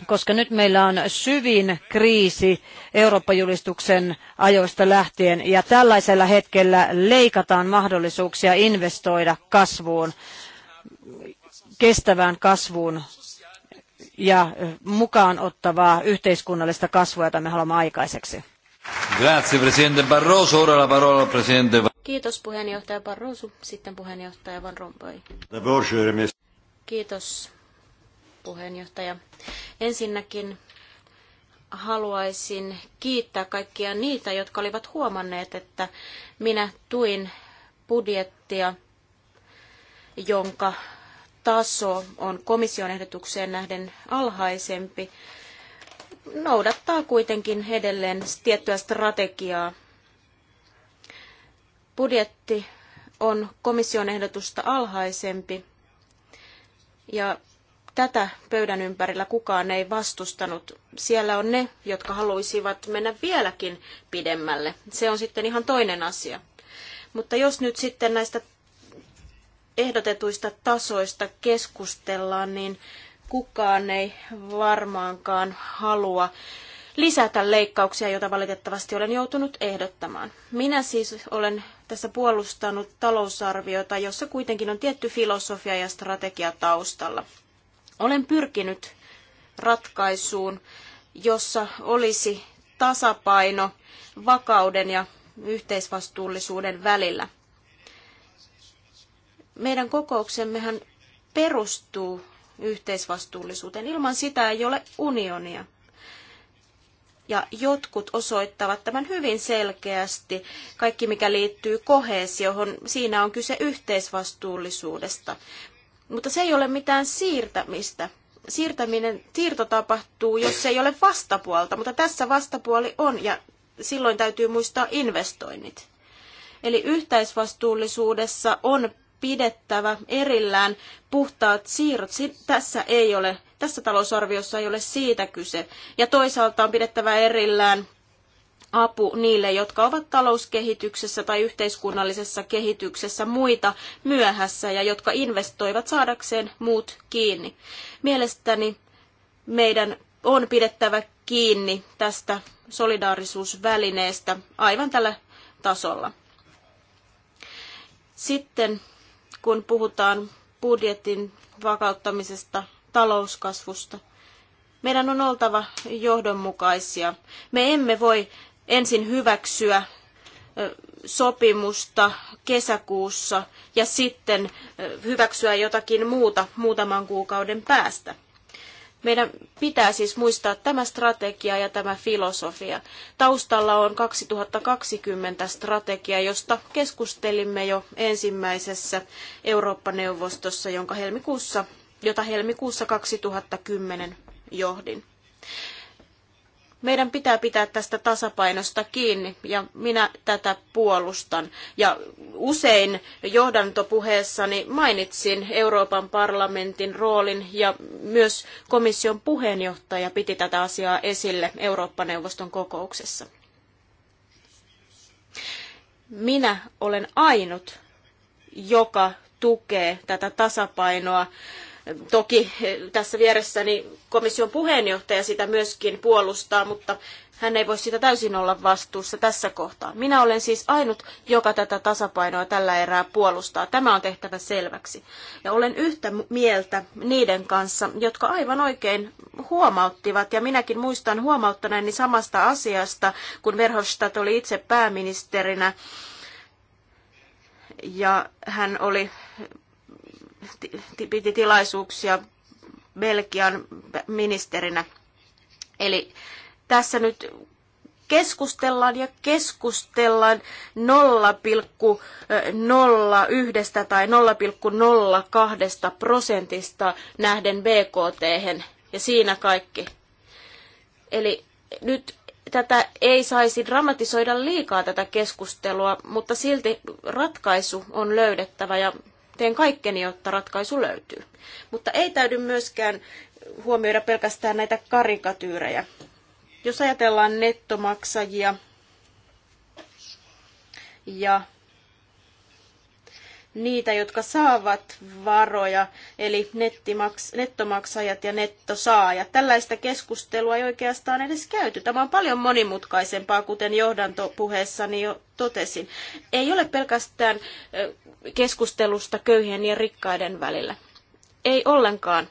Speaker 3: koska nyt meillä on syvin kriisi Eurooppa-julistuksen ajoista lähtien ja tällaisella hetkellä leikataan mahdollisuuksia investoida kasvuun, kestävään kasvuun ja mukaan ottavaa yhteiskunnallista kasvua, jota me haluamme aikaiseksi.
Speaker 1: Grazie, presidente Barroso. Ora la parola presidente...
Speaker 2: Kiitos puheenjohtaja Barroso, sitten puheenjohtaja Van Rompuy. Kiitos puheenjohtaja. Ensinnäkin haluaisin kiittää kaikkia niitä, jotka olivat huomanneet, että minä tuin budjettia, jonka taso on komission ehdotukseen nähden alhaisempi, noudattaa kuitenkin edelleen tiettyä strategiaa. Budjetti on komission ehdotusta alhaisempi ja tätä pöydän ympärillä kukaan ei vastustanut. Siellä on ne, jotka haluaisivat mennä vieläkin pidemmälle. Se on sitten ihan toinen asia. Mutta jos nyt sitten näistä ehdotetuista tasoista keskustellaan, niin kukaan ei varmaankaan halua lisätä leikkauksia, joita valitettavasti olen joutunut ehdottamaan. Minä siis olen tässä puolustanut talousarviota, jossa kuitenkin on tietty filosofia ja strategia taustalla. Olen pyrkinyt ratkaisuun, jossa olisi tasapaino vakauden ja yhteisvastuullisuuden välillä. Meidän kokouksemmehan perustuu yhteisvastuullisuuteen. Ilman sitä ei ole unionia. Ja jotkut osoittavat tämän hyvin selkeästi. Kaikki, mikä liittyy kohesioon, siinä on kyse yhteisvastuullisuudesta. Mutta se ei ole mitään siirtämistä. Siirtäminen, siirto tapahtuu, jos se ei ole vastapuolta, mutta tässä vastapuoli on ja silloin täytyy muistaa investoinnit. Eli yhteisvastuullisuudessa on pidettävä erillään puhtaat siirrot. Tässä, ei ole, tässä talousarviossa ei ole siitä kyse. Ja toisaalta on pidettävä erillään apu niille, jotka ovat talouskehityksessä tai yhteiskunnallisessa kehityksessä muita myöhässä ja jotka investoivat saadakseen muut kiinni. Mielestäni meidän on pidettävä kiinni tästä solidaarisuusvälineestä aivan tällä tasolla. Sitten kun puhutaan budjetin vakauttamisesta, talouskasvusta, meidän on oltava johdonmukaisia. Me emme voi ensin hyväksyä sopimusta kesäkuussa ja sitten hyväksyä jotakin muuta muutaman kuukauden päästä. Meidän pitää siis muistaa tämä strategia ja tämä filosofia. Taustalla on 2020 strategia, josta keskustelimme jo ensimmäisessä Eurooppa-neuvostossa, jonka helmikuussa, jota helmikuussa 2010 johdin. Meidän pitää pitää tästä tasapainosta kiinni ja minä tätä puolustan. Ja usein johdantopuheessani mainitsin Euroopan parlamentin roolin ja myös komission puheenjohtaja piti tätä asiaa esille Eurooppa-neuvoston kokouksessa. Minä olen ainut, joka tukee tätä tasapainoa Toki tässä vieressäni komission puheenjohtaja sitä myöskin puolustaa, mutta hän ei voi sitä täysin olla vastuussa tässä kohtaa. Minä olen siis ainut, joka tätä tasapainoa tällä erää puolustaa. Tämä on tehtävä selväksi. Ja olen yhtä mieltä niiden kanssa, jotka aivan oikein huomauttivat, ja minäkin muistan huomauttaneeni samasta asiasta, kun Verhofstadt oli itse pääministerinä, ja hän oli piti tilaisuuksia Belgian ministerinä. Eli tässä nyt keskustellaan ja keskustellaan 0,01 tai 0,02 prosentista nähden BKT. Ja siinä kaikki. Eli nyt tätä ei saisi dramatisoida liikaa tätä keskustelua, mutta silti ratkaisu on löydettävä ja teen kaikkeni, jotta ratkaisu löytyy. Mutta ei täydy myöskään huomioida pelkästään näitä karikatyyrejä. Jos ajatellaan nettomaksajia ja niitä, jotka saavat varoja, eli nettimaks, nettomaksajat ja nettosaajat. Tällaista keskustelua ei oikeastaan edes käyty. Tämä on paljon monimutkaisempaa, kuten johdantopuheessani jo totesin. Ei ole pelkästään keskustelusta köyhien ja rikkaiden välillä. Ei ollenkaan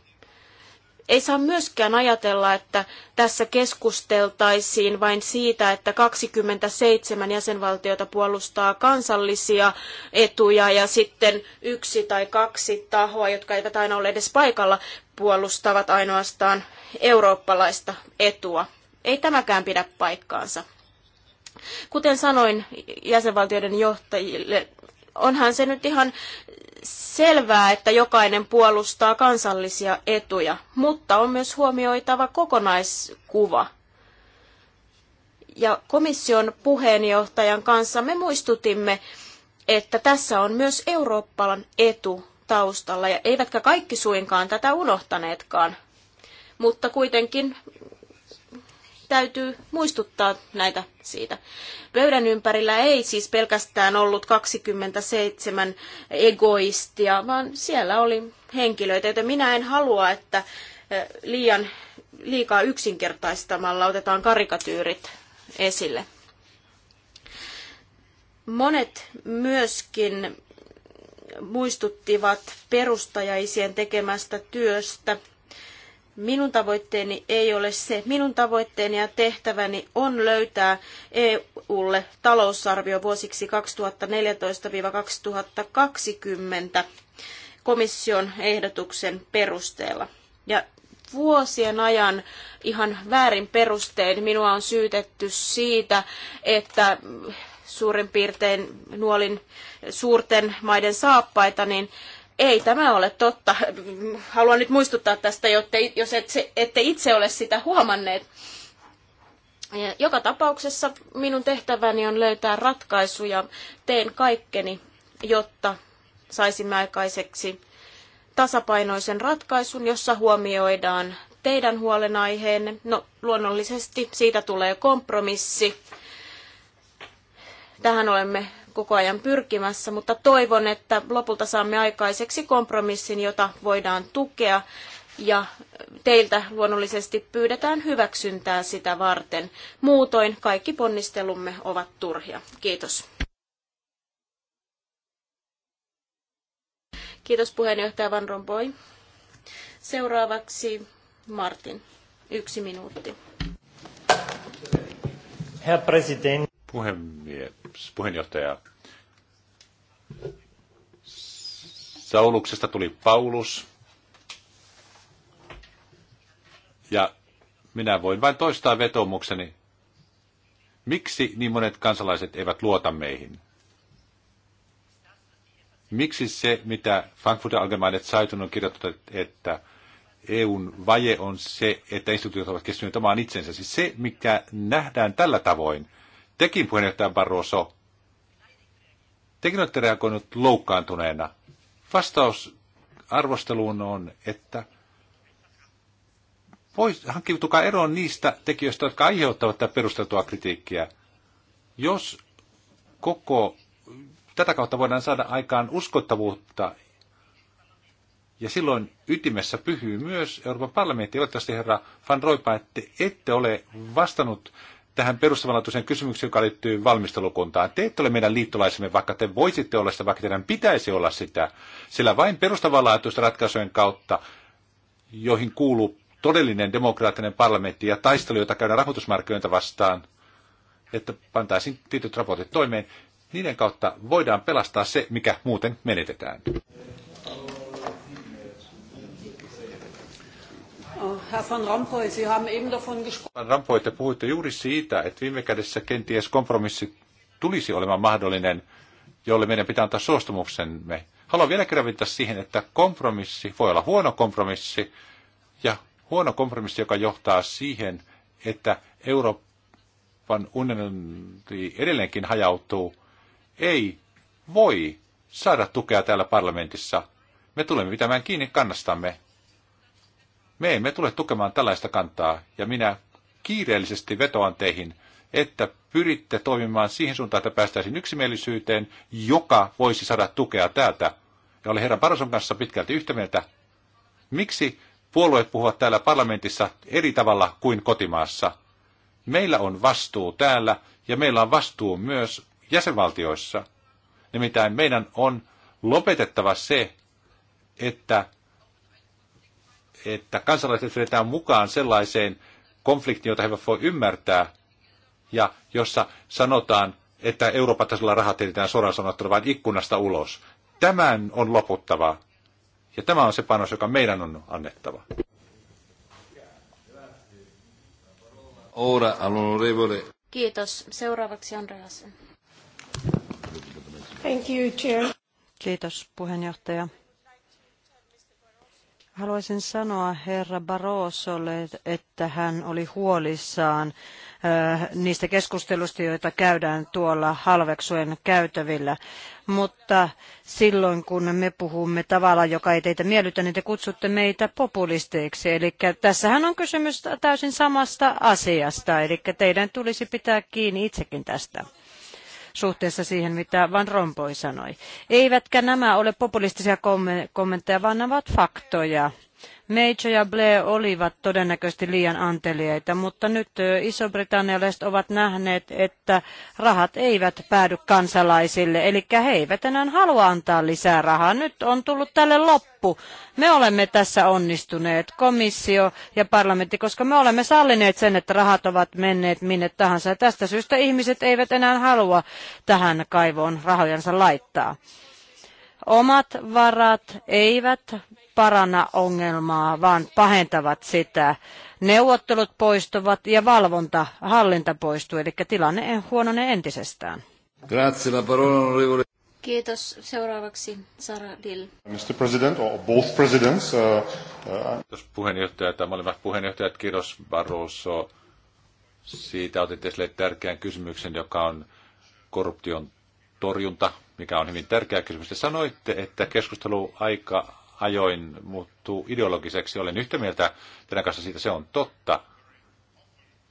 Speaker 2: ei saa myöskään ajatella, että tässä keskusteltaisiin vain siitä, että 27 jäsenvaltiota puolustaa kansallisia etuja ja sitten yksi tai kaksi tahoa, jotka eivät aina ole edes paikalla, puolustavat ainoastaan eurooppalaista etua. Ei tämäkään pidä paikkaansa. Kuten sanoin jäsenvaltioiden johtajille onhan se nyt ihan selvää, että jokainen puolustaa kansallisia etuja, mutta on myös huomioitava kokonaiskuva. Ja komission puheenjohtajan kanssa me muistutimme, että tässä on myös Euroopan etu taustalla, ja eivätkä kaikki suinkaan tätä unohtaneetkaan. Mutta kuitenkin täytyy muistuttaa näitä siitä. Pöydän ympärillä ei siis pelkästään ollut 27 egoistia, vaan siellä oli henkilöitä, joita minä en halua, että eh, liian liikaa yksinkertaistamalla otetaan karikatyyrit esille. Monet myöskin muistuttivat perustajaisien tekemästä työstä – Minun tavoitteeni ei ole se. Minun tavoitteeni ja tehtäväni on löytää EUlle talousarvio vuosiksi 2014-2020 komission ehdotuksen perusteella. Ja vuosien ajan ihan väärin perustein minua on syytetty siitä, että suurin piirtein nuolin suurten maiden saappaita, niin ei tämä ole totta. Haluan nyt muistuttaa tästä, jotte, jos ette, ette itse ole sitä huomanneet. Joka tapauksessa minun tehtäväni on löytää ratkaisuja. Teen kaikkeni, jotta saisimme aikaiseksi tasapainoisen ratkaisun, jossa huomioidaan teidän huolenaiheenne. No, luonnollisesti siitä tulee kompromissi. Tähän olemme koko ajan pyrkimässä, mutta toivon, että lopulta saamme aikaiseksi kompromissin, jota voidaan tukea ja teiltä luonnollisesti pyydetään hyväksyntää sitä varten. Muutoin kaikki ponnistelumme ovat turhia. Kiitos. Kiitos puheenjohtaja Van Rompuy. Seuraavaksi Martin. Yksi minuutti.
Speaker 1: Herr Präsident puhemies, puheenjohtaja. Sauluksesta tuli Paulus. Ja minä voin vain toistaa vetomukseni. Miksi niin monet kansalaiset eivät luota meihin? Miksi se, mitä Frankfurter Allgemeine Zeitung on kirjoittanut, että EUn vaje on se, että instituutiot ovat kestyneet omaan itsensä. Siis se, mikä nähdään tällä tavoin, Tekin puheenjohtaja Barroso, tekin olette reagoinut loukkaantuneena. Vastaus arvosteluun on, että pois, hankkiutukaa eroon niistä tekijöistä, jotka aiheuttavat tätä perusteltua kritiikkiä. Jos koko, tätä kautta voidaan saada aikaan uskottavuutta, ja silloin ytimessä pyhyy myös Euroopan parlamentti. Toivottavasti herra Van Roipa, että ette ole vastannut tähän perustavanlaatuiseen kysymykseen, joka liittyy valmistelukuntaan. Te ette ole meidän liittolaisemme, vaikka te voisitte olla sitä, vaikka teidän pitäisi olla sitä, sillä vain perustavanlaatuisten ratkaisujen kautta, joihin kuuluu todellinen demokraattinen parlamentti ja taistelu, jota käydään rahoitusmarkkinoita vastaan, että pantaisiin tietyt raportit toimeen, niiden kautta voidaan pelastaa se, mikä muuten menetetään.
Speaker 3: Van Rompuy, Sie haben eben davon gesprochen.
Speaker 1: Van Rompuy, te puhuitte juuri siitä, että viime kädessä kenties kompromissi tulisi olemaan mahdollinen, jolle meidän pitää antaa suostumuksemme. Haluan vielä kerran viittaa siihen, että kompromissi voi olla huono kompromissi, ja huono kompromissi, joka johtaa siihen, että Euroopan unioni edelleenkin hajautuu, ei voi saada tukea täällä parlamentissa. Me tulemme pitämään kiinni kannastamme. Me emme tule tukemaan tällaista kantaa, ja minä kiireellisesti vetoan teihin, että pyritte toimimaan siihen suuntaan, että päästäisiin yksimielisyyteen, joka voisi saada tukea täältä. Ja olen herran Parason kanssa pitkälti yhtä mieltä. Miksi puolueet puhuvat täällä parlamentissa eri tavalla kuin kotimaassa? Meillä on vastuu täällä ja meillä on vastuu myös jäsenvaltioissa. Nimittäin meidän on lopetettava se, että että kansalaiset vedetään mukaan sellaiseen konfliktiin, jota he eivät voi ymmärtää, ja jossa sanotaan, että Euroopan tasolla rahat heitetään suoraan sanottuna vain ikkunasta ulos. Tämän on loputtava. Ja tämä on se panos, joka meidän on annettava. Ora all'onorevole.
Speaker 2: Kiitos. Seuraavaksi Andreas.
Speaker 3: Thank you, Chair. Kiitos puheenjohtaja. Haluaisin sanoa herra Barrosolle, että hän oli huolissaan äh, niistä keskusteluista, joita käydään tuolla halveksuen käytävillä. Mutta silloin, kun me puhumme tavalla, joka ei teitä miellytä, niin te kutsutte meitä populisteiksi. Eli tässähän on kysymys täysin samasta asiasta, eli teidän tulisi pitää kiinni itsekin tästä suhteessa siihen, mitä Van Rompuy sanoi. Eivätkä nämä ole populistisia kommentteja, vaan nämä ovat faktoja. Major ja Blair olivat todennäköisesti liian anteliaita, mutta nyt isobritannialaiset ovat nähneet, että rahat eivät päädy kansalaisille, eli he eivät enää halua antaa lisää rahaa. Nyt on tullut tälle loppu. Me olemme tässä onnistuneet, komissio ja parlamentti, koska me olemme sallineet sen, että rahat ovat menneet minne tahansa. Ja tästä syystä ihmiset eivät enää halua tähän kaivoon rahojansa laittaa omat varat eivät paranna ongelmaa, vaan pahentavat sitä. Neuvottelut poistuvat ja valvonta, hallinta poistuu, eli tilanne huonone entisestään. Grazie, la parola
Speaker 2: Kiitos. Seuraavaksi Sara Dill.
Speaker 3: Mr. President, or
Speaker 1: both presidents. Uh, uh... Kiitos puheenjohtajat ja molemmat puheenjohtajat. Kiitos Barroso. Siitä otit esille tärkeän kysymyksen, joka on korruption torjunta, mikä on hyvin tärkeä kysymys. Te sanoitte, että keskustelu aika ajoin muuttuu ideologiseksi. Olen yhtä mieltä teidän kanssa siitä, se on totta.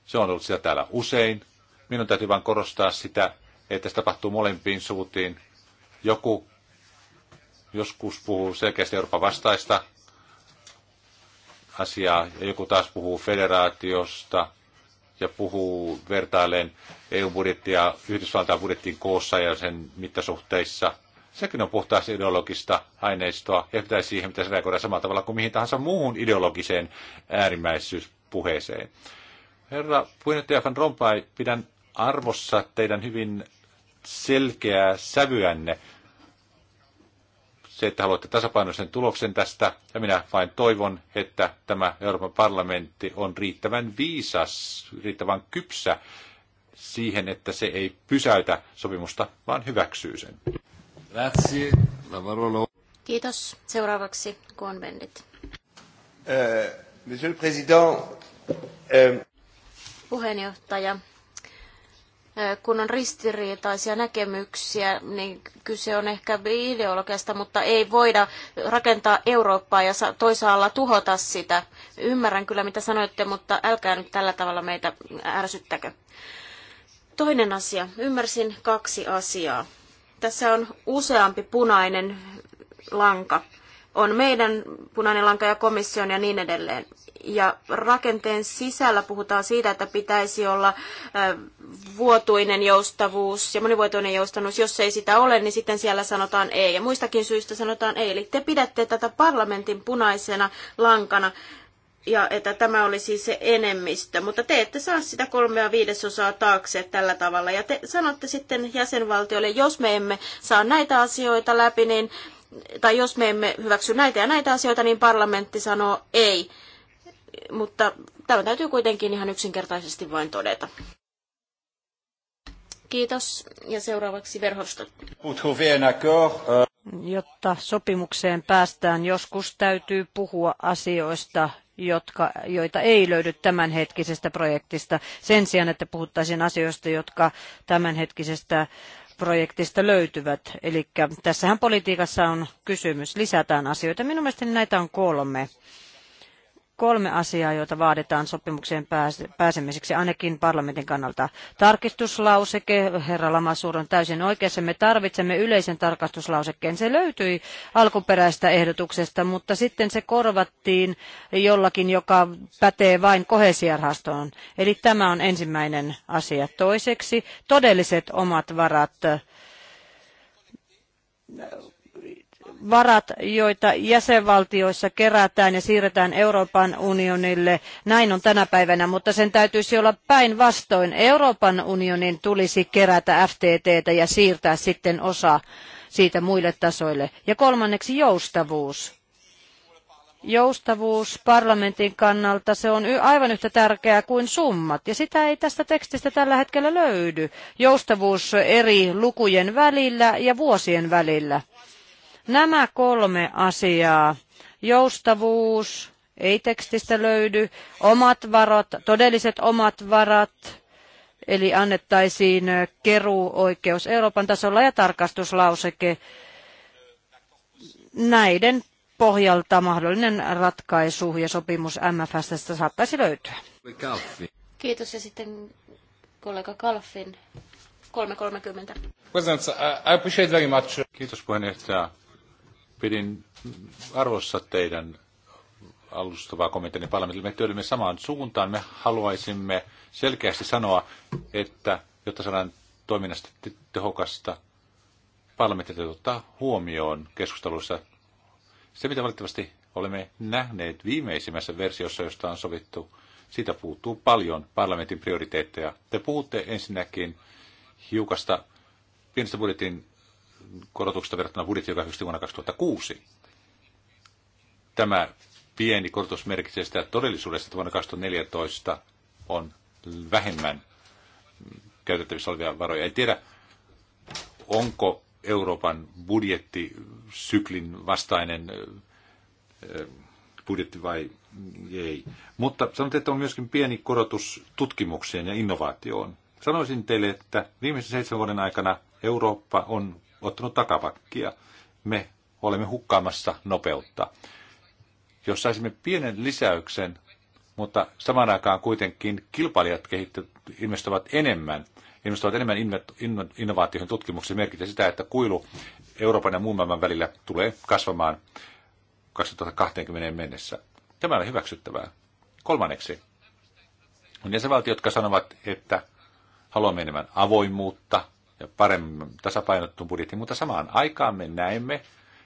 Speaker 1: Se on ollut sitä täällä usein. Minun täytyy vain korostaa sitä, että se tapahtuu molempiin suuntiin. Joku joskus puhuu selkeästi Euroopan vastaista asiaa, ja joku taas puhuu federaatiosta ja puhuu vertailen EU-budjettia Yhdysvaltain budjettiin koossa ja sen mittasuhteissa – Sekin on puhtaasti ideologista aineistoa ja pitäisi siihen pitäisi reagoida samalla tavalla kuin mihin tahansa muuhun ideologiseen äärimmäisyyspuheeseen. Herra puheenjohtaja Van Rompuy, pidän arvossa teidän hyvin selkeää sävyänne. Se, että haluatte tasapainoisen tuloksen tästä, ja minä vain toivon, että tämä Euroopan parlamentti on riittävän viisas, riittävän kypsä siihen, että se ei pysäytä sopimusta, vaan hyväksyy sen.
Speaker 2: Kiitos. Seuraavaksi konvendit.
Speaker 3: Uh, monsieur le Président, uh...
Speaker 2: Puheenjohtaja, äh, kun on ristiriitaisia näkemyksiä, niin kyse on ehkä ideologiasta, mutta ei voida rakentaa Eurooppaa ja toisaalla tuhota sitä. Ymmärrän kyllä, mitä sanoitte, mutta älkää nyt tällä tavalla meitä ärsyttäkö. Toinen asia. Ymmärsin kaksi asiaa tässä on useampi punainen lanka. On meidän punainen lanka ja komission ja niin edelleen. Ja rakenteen sisällä puhutaan siitä, että pitäisi olla vuotuinen joustavuus ja monivuotuinen joustavuus. Jos ei sitä ole, niin sitten siellä sanotaan ei. Ja muistakin syistä sanotaan ei. Eli te pidätte tätä parlamentin punaisena lankana ja että tämä oli siis se enemmistö, mutta te ette saa sitä kolmea viidesosaa taakse tällä tavalla. Ja te sanotte sitten jäsenvaltioille, jos me emme saa näitä asioita läpi, niin, tai jos me emme hyväksy näitä ja näitä asioita, niin parlamentti sanoo ei. Mutta tämä täytyy kuitenkin ihan yksinkertaisesti vain todeta. Kiitos. Ja seuraavaksi Verhofstadt.
Speaker 3: Jotta sopimukseen päästään, joskus täytyy puhua asioista jotka, joita ei löydy tämänhetkisestä projektista, sen sijaan, että puhuttaisiin asioista, jotka tämänhetkisestä projektista löytyvät. Eli tässähän politiikassa on kysymys, lisätään asioita. Minun mielestäni näitä on kolme kolme asiaa, joita vaaditaan sopimukseen pääsemiseksi, ainakin parlamentin kannalta. Tarkistuslauseke, herra Lamasuur on täysin oikeassa, me tarvitsemme yleisen tarkastuslausekkeen. Se löytyi alkuperäistä ehdotuksesta, mutta sitten se korvattiin jollakin, joka pätee vain kohesiarhastoon. Eli tämä on ensimmäinen asia. Toiseksi todelliset omat varat varat, joita jäsenvaltioissa kerätään ja siirretään Euroopan unionille. Näin on tänä päivänä, mutta sen täytyisi olla päinvastoin. Euroopan unionin tulisi kerätä FTTtä ja siirtää sitten osa siitä muille tasoille. Ja kolmanneksi joustavuus. Joustavuus parlamentin kannalta, se on aivan yhtä tärkeää kuin summat, ja sitä ei tästä tekstistä tällä hetkellä löydy. Joustavuus eri lukujen välillä ja vuosien välillä Nämä kolme asiaa, joustavuus, ei tekstistä löydy, omat varat, todelliset omat varat, eli annettaisiin keruoikeus Euroopan tasolla ja tarkastuslauseke näiden pohjalta mahdollinen ratkaisu ja sopimus MFSstä saattaisi löytyä.
Speaker 2: Kiitos ja sitten kollega Kalfin 3.30.
Speaker 1: Kiitos puheenjohtaja. Pidin arvossa teidän alustavaa kommenttia parlamentille. Me työdymme samaan suuntaan. Me haluaisimme selkeästi sanoa, että jotta saadaan toiminnasta tehokasta, parlamentti ottaa huomioon keskusteluissa. Se, mitä valitettavasti olemme nähneet viimeisimmässä versiossa, josta on sovittu, siitä puuttuu paljon parlamentin prioriteetteja. Te puhutte ensinnäkin hiukasta pienestä budjetin korotuksesta verrattuna budjetti, joka hyvästi vuonna 2006. Tämä pieni korotus merkitsee sitä että todellisuudessa, että vuonna 2014 on vähemmän käytettävissä olevia varoja. En tiedä, onko Euroopan budjettisyklin vastainen eh, budjetti vai ei. Mutta sanotaan, että on myöskin pieni korotus tutkimukseen ja innovaatioon. Sanoisin teille, että viimeisen seitsemän vuoden aikana Eurooppa on ottanut takapakkia. Me olemme hukkaamassa nopeutta. Jos saisimme pienen lisäyksen, mutta samaan aikaan kuitenkin kilpailijat investoivat enemmän, investoivat enemmän innovaatioihin tutkimuksiin merkitsee sitä, että kuilu Euroopan ja muun maailman välillä tulee kasvamaan 2020 mennessä. Tämä on hyväksyttävää. Kolmanneksi on jäsenvaltiot, jotka sanovat, että haluamme enemmän avoimuutta, ja paremmin tasapainottun budjetin, mutta samaan aikaan me näemme,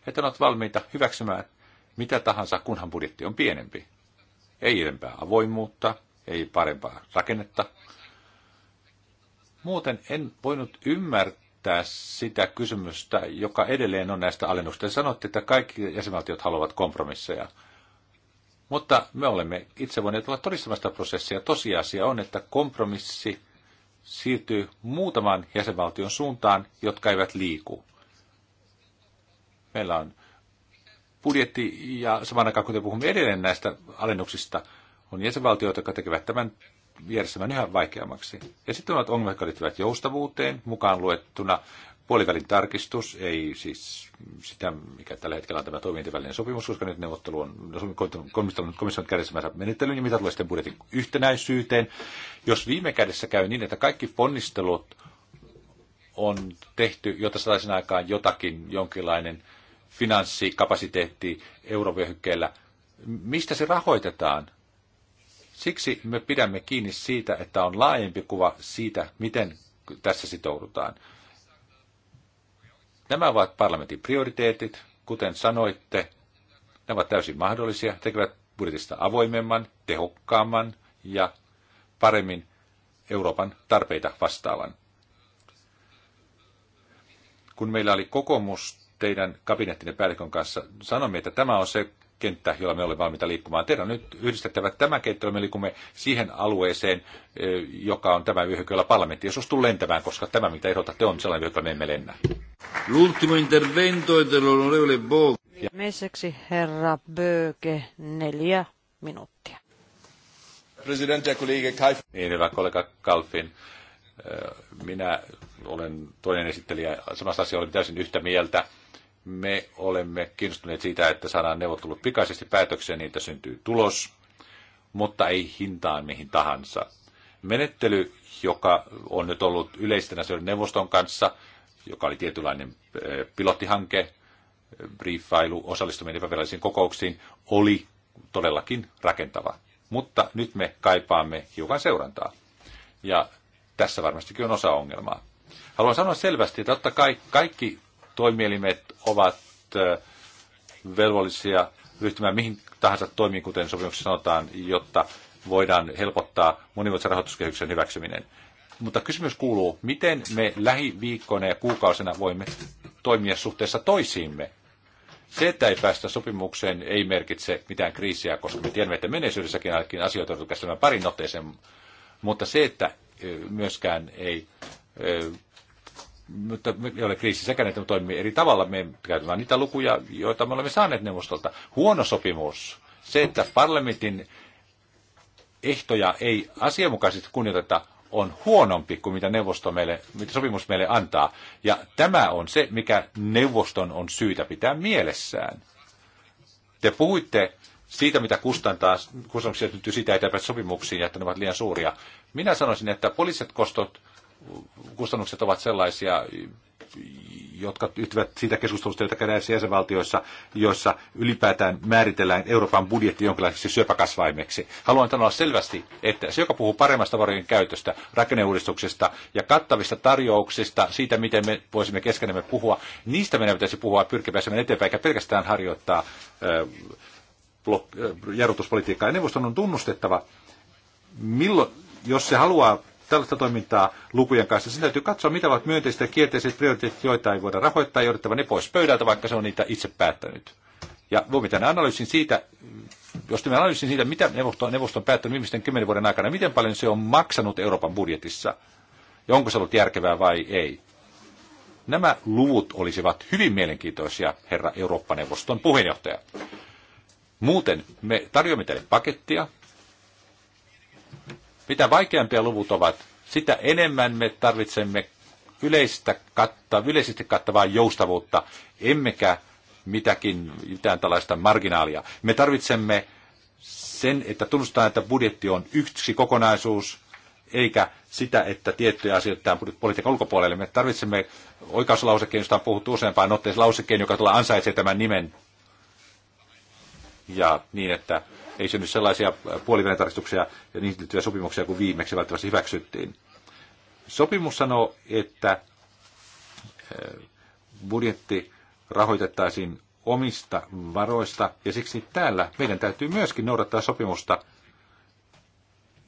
Speaker 1: että ovat valmiita hyväksymään mitä tahansa, kunhan budjetti on pienempi. Ei enempää avoimuutta, ei parempaa rakennetta. Muuten en voinut ymmärtää sitä kysymystä, joka edelleen on näistä alennuksista. Sanotte, että kaikki jäsenvaltiot haluavat kompromisseja. Mutta me olemme itse voineet olla todistamasta prosessia. Tosiasia on, että kompromissi siirtyy muutaman jäsenvaltion suuntaan, jotka eivät liiku. Meillä on budjetti ja samaan aikaan, kuten puhumme edelleen näistä alennuksista, on jäsenvaltioita, jotka tekevät tämän järjestelmän yhä vaikeammaksi. Ja sitten on ongelmat, jotka liittyvät joustavuuteen, mukaan luettuna puolivälin tarkistus, ei siis sitä, mikä tällä hetkellä on tämä toimintavälinen sopimus, koska nyt neuvottelu on komission, komission kädessämäärä menettelyyn niin ja mitä tulee sitten budjetin yhtenäisyyteen. Jos viime kädessä käy niin, että kaikki ponnistelut on tehty, jotta saataisiin aikaan jotakin, jonkinlainen finanssikapasiteetti eurovyöhykkeellä, mistä se rahoitetaan? Siksi me pidämme kiinni siitä, että on laajempi kuva siitä, miten tässä sitoudutaan. Nämä ovat parlamentin prioriteetit, kuten sanoitte. nämä ovat täysin mahdollisia, tekevät budjetista avoimemman, tehokkaamman ja paremmin Euroopan tarpeita vastaavan. Kun meillä oli kokoomus teidän kabinettinen päällikön kanssa, sanomme, että tämä on se kenttä, jolla me olemme valmiita liikkumaan. Teidän on nyt yhdistettävä tämä kenttä, jolla me liikumme siihen alueeseen, eh, joka on tämä vyöhyke, jolla parlamentti jos suostuu lentämään, koska tämä, mitä ehdotatte, on sellainen vyöhyke, jolla me emme lennä. L'ultimo intervento è dell'onorevole Bog.
Speaker 3: Viimeiseksi herra Böke, neljä minuuttia.
Speaker 1: ja kollega Kaif. Niin, hyvä kollega Kalfin. Minä olen toinen esittelijä. Samassa asiassa olen täysin yhtä mieltä. Me olemme kiinnostuneet siitä, että saadaan neuvottelut pikaisesti päätökseen, niin että syntyy tulos, mutta ei hintaan mihin tahansa. Menettely, joka on nyt ollut yleisten asioiden neuvoston kanssa, joka oli tietynlainen eh, pilottihanke, briefailu, osallistuminen epävirallisiin kokouksiin, oli todellakin rakentava. Mutta nyt me kaipaamme hiukan seurantaa. Ja tässä varmastikin on osa ongelmaa. Haluan sanoa selvästi, että totta kai kaikki toimielimet ovat eh, velvollisia ryhtymään mihin tahansa toimiin, kuten sopimuksessa sanotaan, jotta voidaan helpottaa monivuotisen rahoituskehyksen hyväksyminen. Mutta kysymys kuuluu, miten me lähiviikkoina ja kuukausina voimme toimia suhteessa toisiimme? Se, että ei päästä sopimukseen, ei merkitse mitään kriisiä, koska me tiedämme, että menneisyydessäkin ainakin asioita on käsittämään parin otteeseen. Mutta se, että myöskään ei mutta ei ole kriisi sekä että me toimimme eri tavalla. Me käytetään niitä lukuja, joita me olemme saaneet neuvostolta. Huono sopimus. Se, että parlamentin ehtoja ei asianmukaisesti kunnioiteta, on huonompi kuin mitä neuvosto meille, mitä sopimus meille antaa. Ja tämä on se, mikä neuvoston on syytä pitää mielessään. Te puhuitte siitä, mitä kustantaa, kustannuksia syntyy sitä, että eivät sopimuksiin ja että ne ovat liian suuria. Minä sanoisin, että poliittiset kostot, kustannukset ovat sellaisia, jotka yhtyvät siitä keskustelusta, jota käydään jäsenvaltioissa, joissa ylipäätään määritellään Euroopan budjetti jonkinlaiseksi syöpäkasvaimeksi. Haluan sanoa selvästi, että se, joka puhuu paremmasta varojen käytöstä, rakenneuudistuksesta ja kattavista tarjouksista, siitä, miten me voisimme keskenämme puhua, niistä meidän pitäisi puhua pyrkivässä eteenpäin, eikä pelkästään harjoittaa jarrutuspolitiikkaa. Ja neuvoston on tunnustettava, milloin, jos se haluaa tällaista toimintaa lukujen kanssa. Sen täytyy katsoa, mitä ovat myönteiset ja kielteiset prioriteetit, joita ei voida rahoittaa, jouduttava ne pois pöydältä, vaikka se on niitä itse päättänyt. Ja voimme tehdä analyysin siitä, jos me analyysin siitä, mitä neuvosto, neuvosto on päättänyt viimeisten kymmenen vuoden aikana, miten paljon se on maksanut Euroopan budjetissa, ja onko se ollut järkevää vai ei. Nämä luvut olisivat hyvin mielenkiintoisia, herra Eurooppa-neuvoston puheenjohtaja. Muuten me tarjoamme teille pakettia, mitä vaikeampia luvut ovat, sitä enemmän me tarvitsemme yleistä katta, yleisesti kattavaa joustavuutta, emmekä mitäkin, mitään tällaista marginaalia. Me tarvitsemme sen, että tunnustetaan, että budjetti on yksi kokonaisuus, eikä sitä, että tiettyjä asioita tämän politiikan ulkopuolelle. Me tarvitsemme oikaisulausekkeen, josta on puhuttu useampaan otteeseen, lausekkeen, joka tulla ansaitsee tämän nimen. Ja niin, että ei synny sellaisia puolivälitarkistuksia ja niihin liittyviä sopimuksia kuin viimeksi välttämättä hyväksyttiin. Sopimus sanoo, että budjetti rahoitettaisiin omista varoista, ja siksi täällä meidän täytyy myöskin noudattaa sopimusta,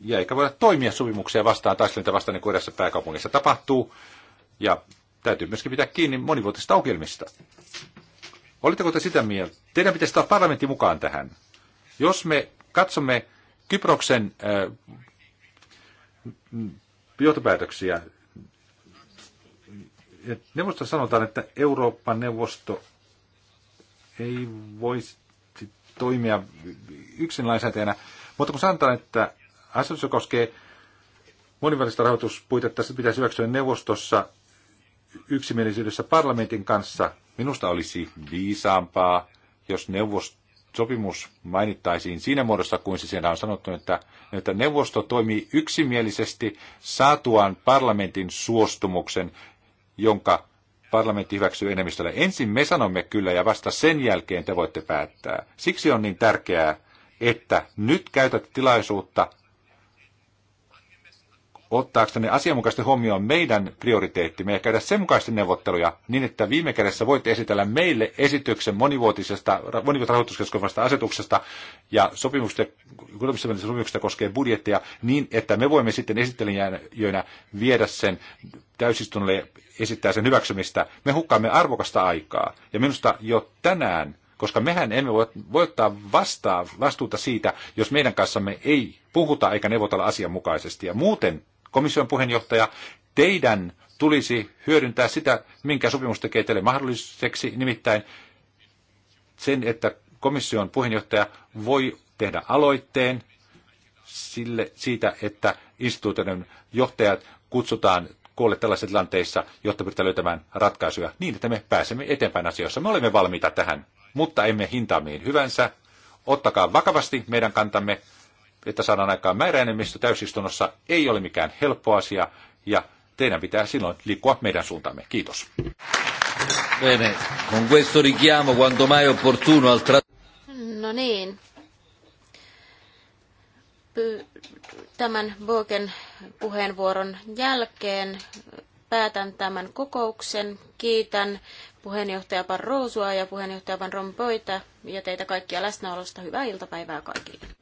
Speaker 1: ja eikä voida toimia sopimuksia vastaan, taistelinta vastaan, niin kuin edessä pääkaupungissa tapahtuu, ja täytyy myöskin pitää kiinni monivuotisista ohjelmista. Oletteko te sitä mieltä? Teidän pitäisi ottaa parlamentti mukaan tähän. Jos me katsomme Kyproksen johtopäätöksiä, neuvosto sanotaan, että Euroopan neuvosto ei voisi toimia yksin lainsäätäjänä, mutta kun sanotaan, että asetus, joka koskee monivälistä rahoituspuitetta, se pitäisi hyväksyä neuvostossa yksimielisyydessä parlamentin kanssa, minusta olisi viisaampaa, jos neuvosto sopimus mainittaisiin siinä muodossa, kuin se siellä on sanottu, että, että neuvosto toimii yksimielisesti saatuaan parlamentin suostumuksen, jonka parlamentti hyväksyy enemmistöllä. Ensin me sanomme kyllä ja vasta sen jälkeen te voitte päättää. Siksi on niin tärkeää, että nyt käytät tilaisuutta ne asianmukaisesti huomioon meidän prioriteettimme ja käydä sen mukaisesti neuvotteluja niin, että viime kädessä voitte esitellä meille esityksen monivuotisesta, monivuotisesta rahoituskeskuksesta asetuksesta ja sopimuksesta, sopimuksesta koskee budjettia niin, että me voimme sitten esittelijänä viedä sen täysistunnolle ja esittää sen hyväksymistä. Me hukkaamme arvokasta aikaa ja minusta jo tänään koska mehän emme voi, voi ottaa vastaa, vastuuta siitä, jos meidän kanssamme ei puhuta eikä neuvotella asianmukaisesti. Ja muuten komission puheenjohtaja, teidän tulisi hyödyntää sitä, minkä sopimus tekee teille mahdolliseksi, nimittäin sen, että komission puheenjohtaja voi tehdä aloitteen sille, siitä, että instituutioiden johtajat kutsutaan koolle tällaisissa tilanteissa, jotta pyritään löytämään ratkaisuja niin, että me pääsemme eteenpäin asioissa. Me olemme valmiita tähän, mutta emme hintaa mihin hyvänsä. Ottakaa vakavasti meidän kantamme että saadaan aikaan määräenemmistö täysistunnossa, ei ole mikään helppo asia, ja teidän pitää silloin liikkua meidän suuntaamme. Kiitos. Bene, con questo richiamo quanto mai opportuno al
Speaker 2: No niin. Tämän Bogen puheenvuoron jälkeen päätän tämän kokouksen. Kiitän puheenjohtaja Parrousua ja puheenjohtaja Van Rompoita ja teitä kaikkia läsnäolosta. Hyvää iltapäivää kaikille.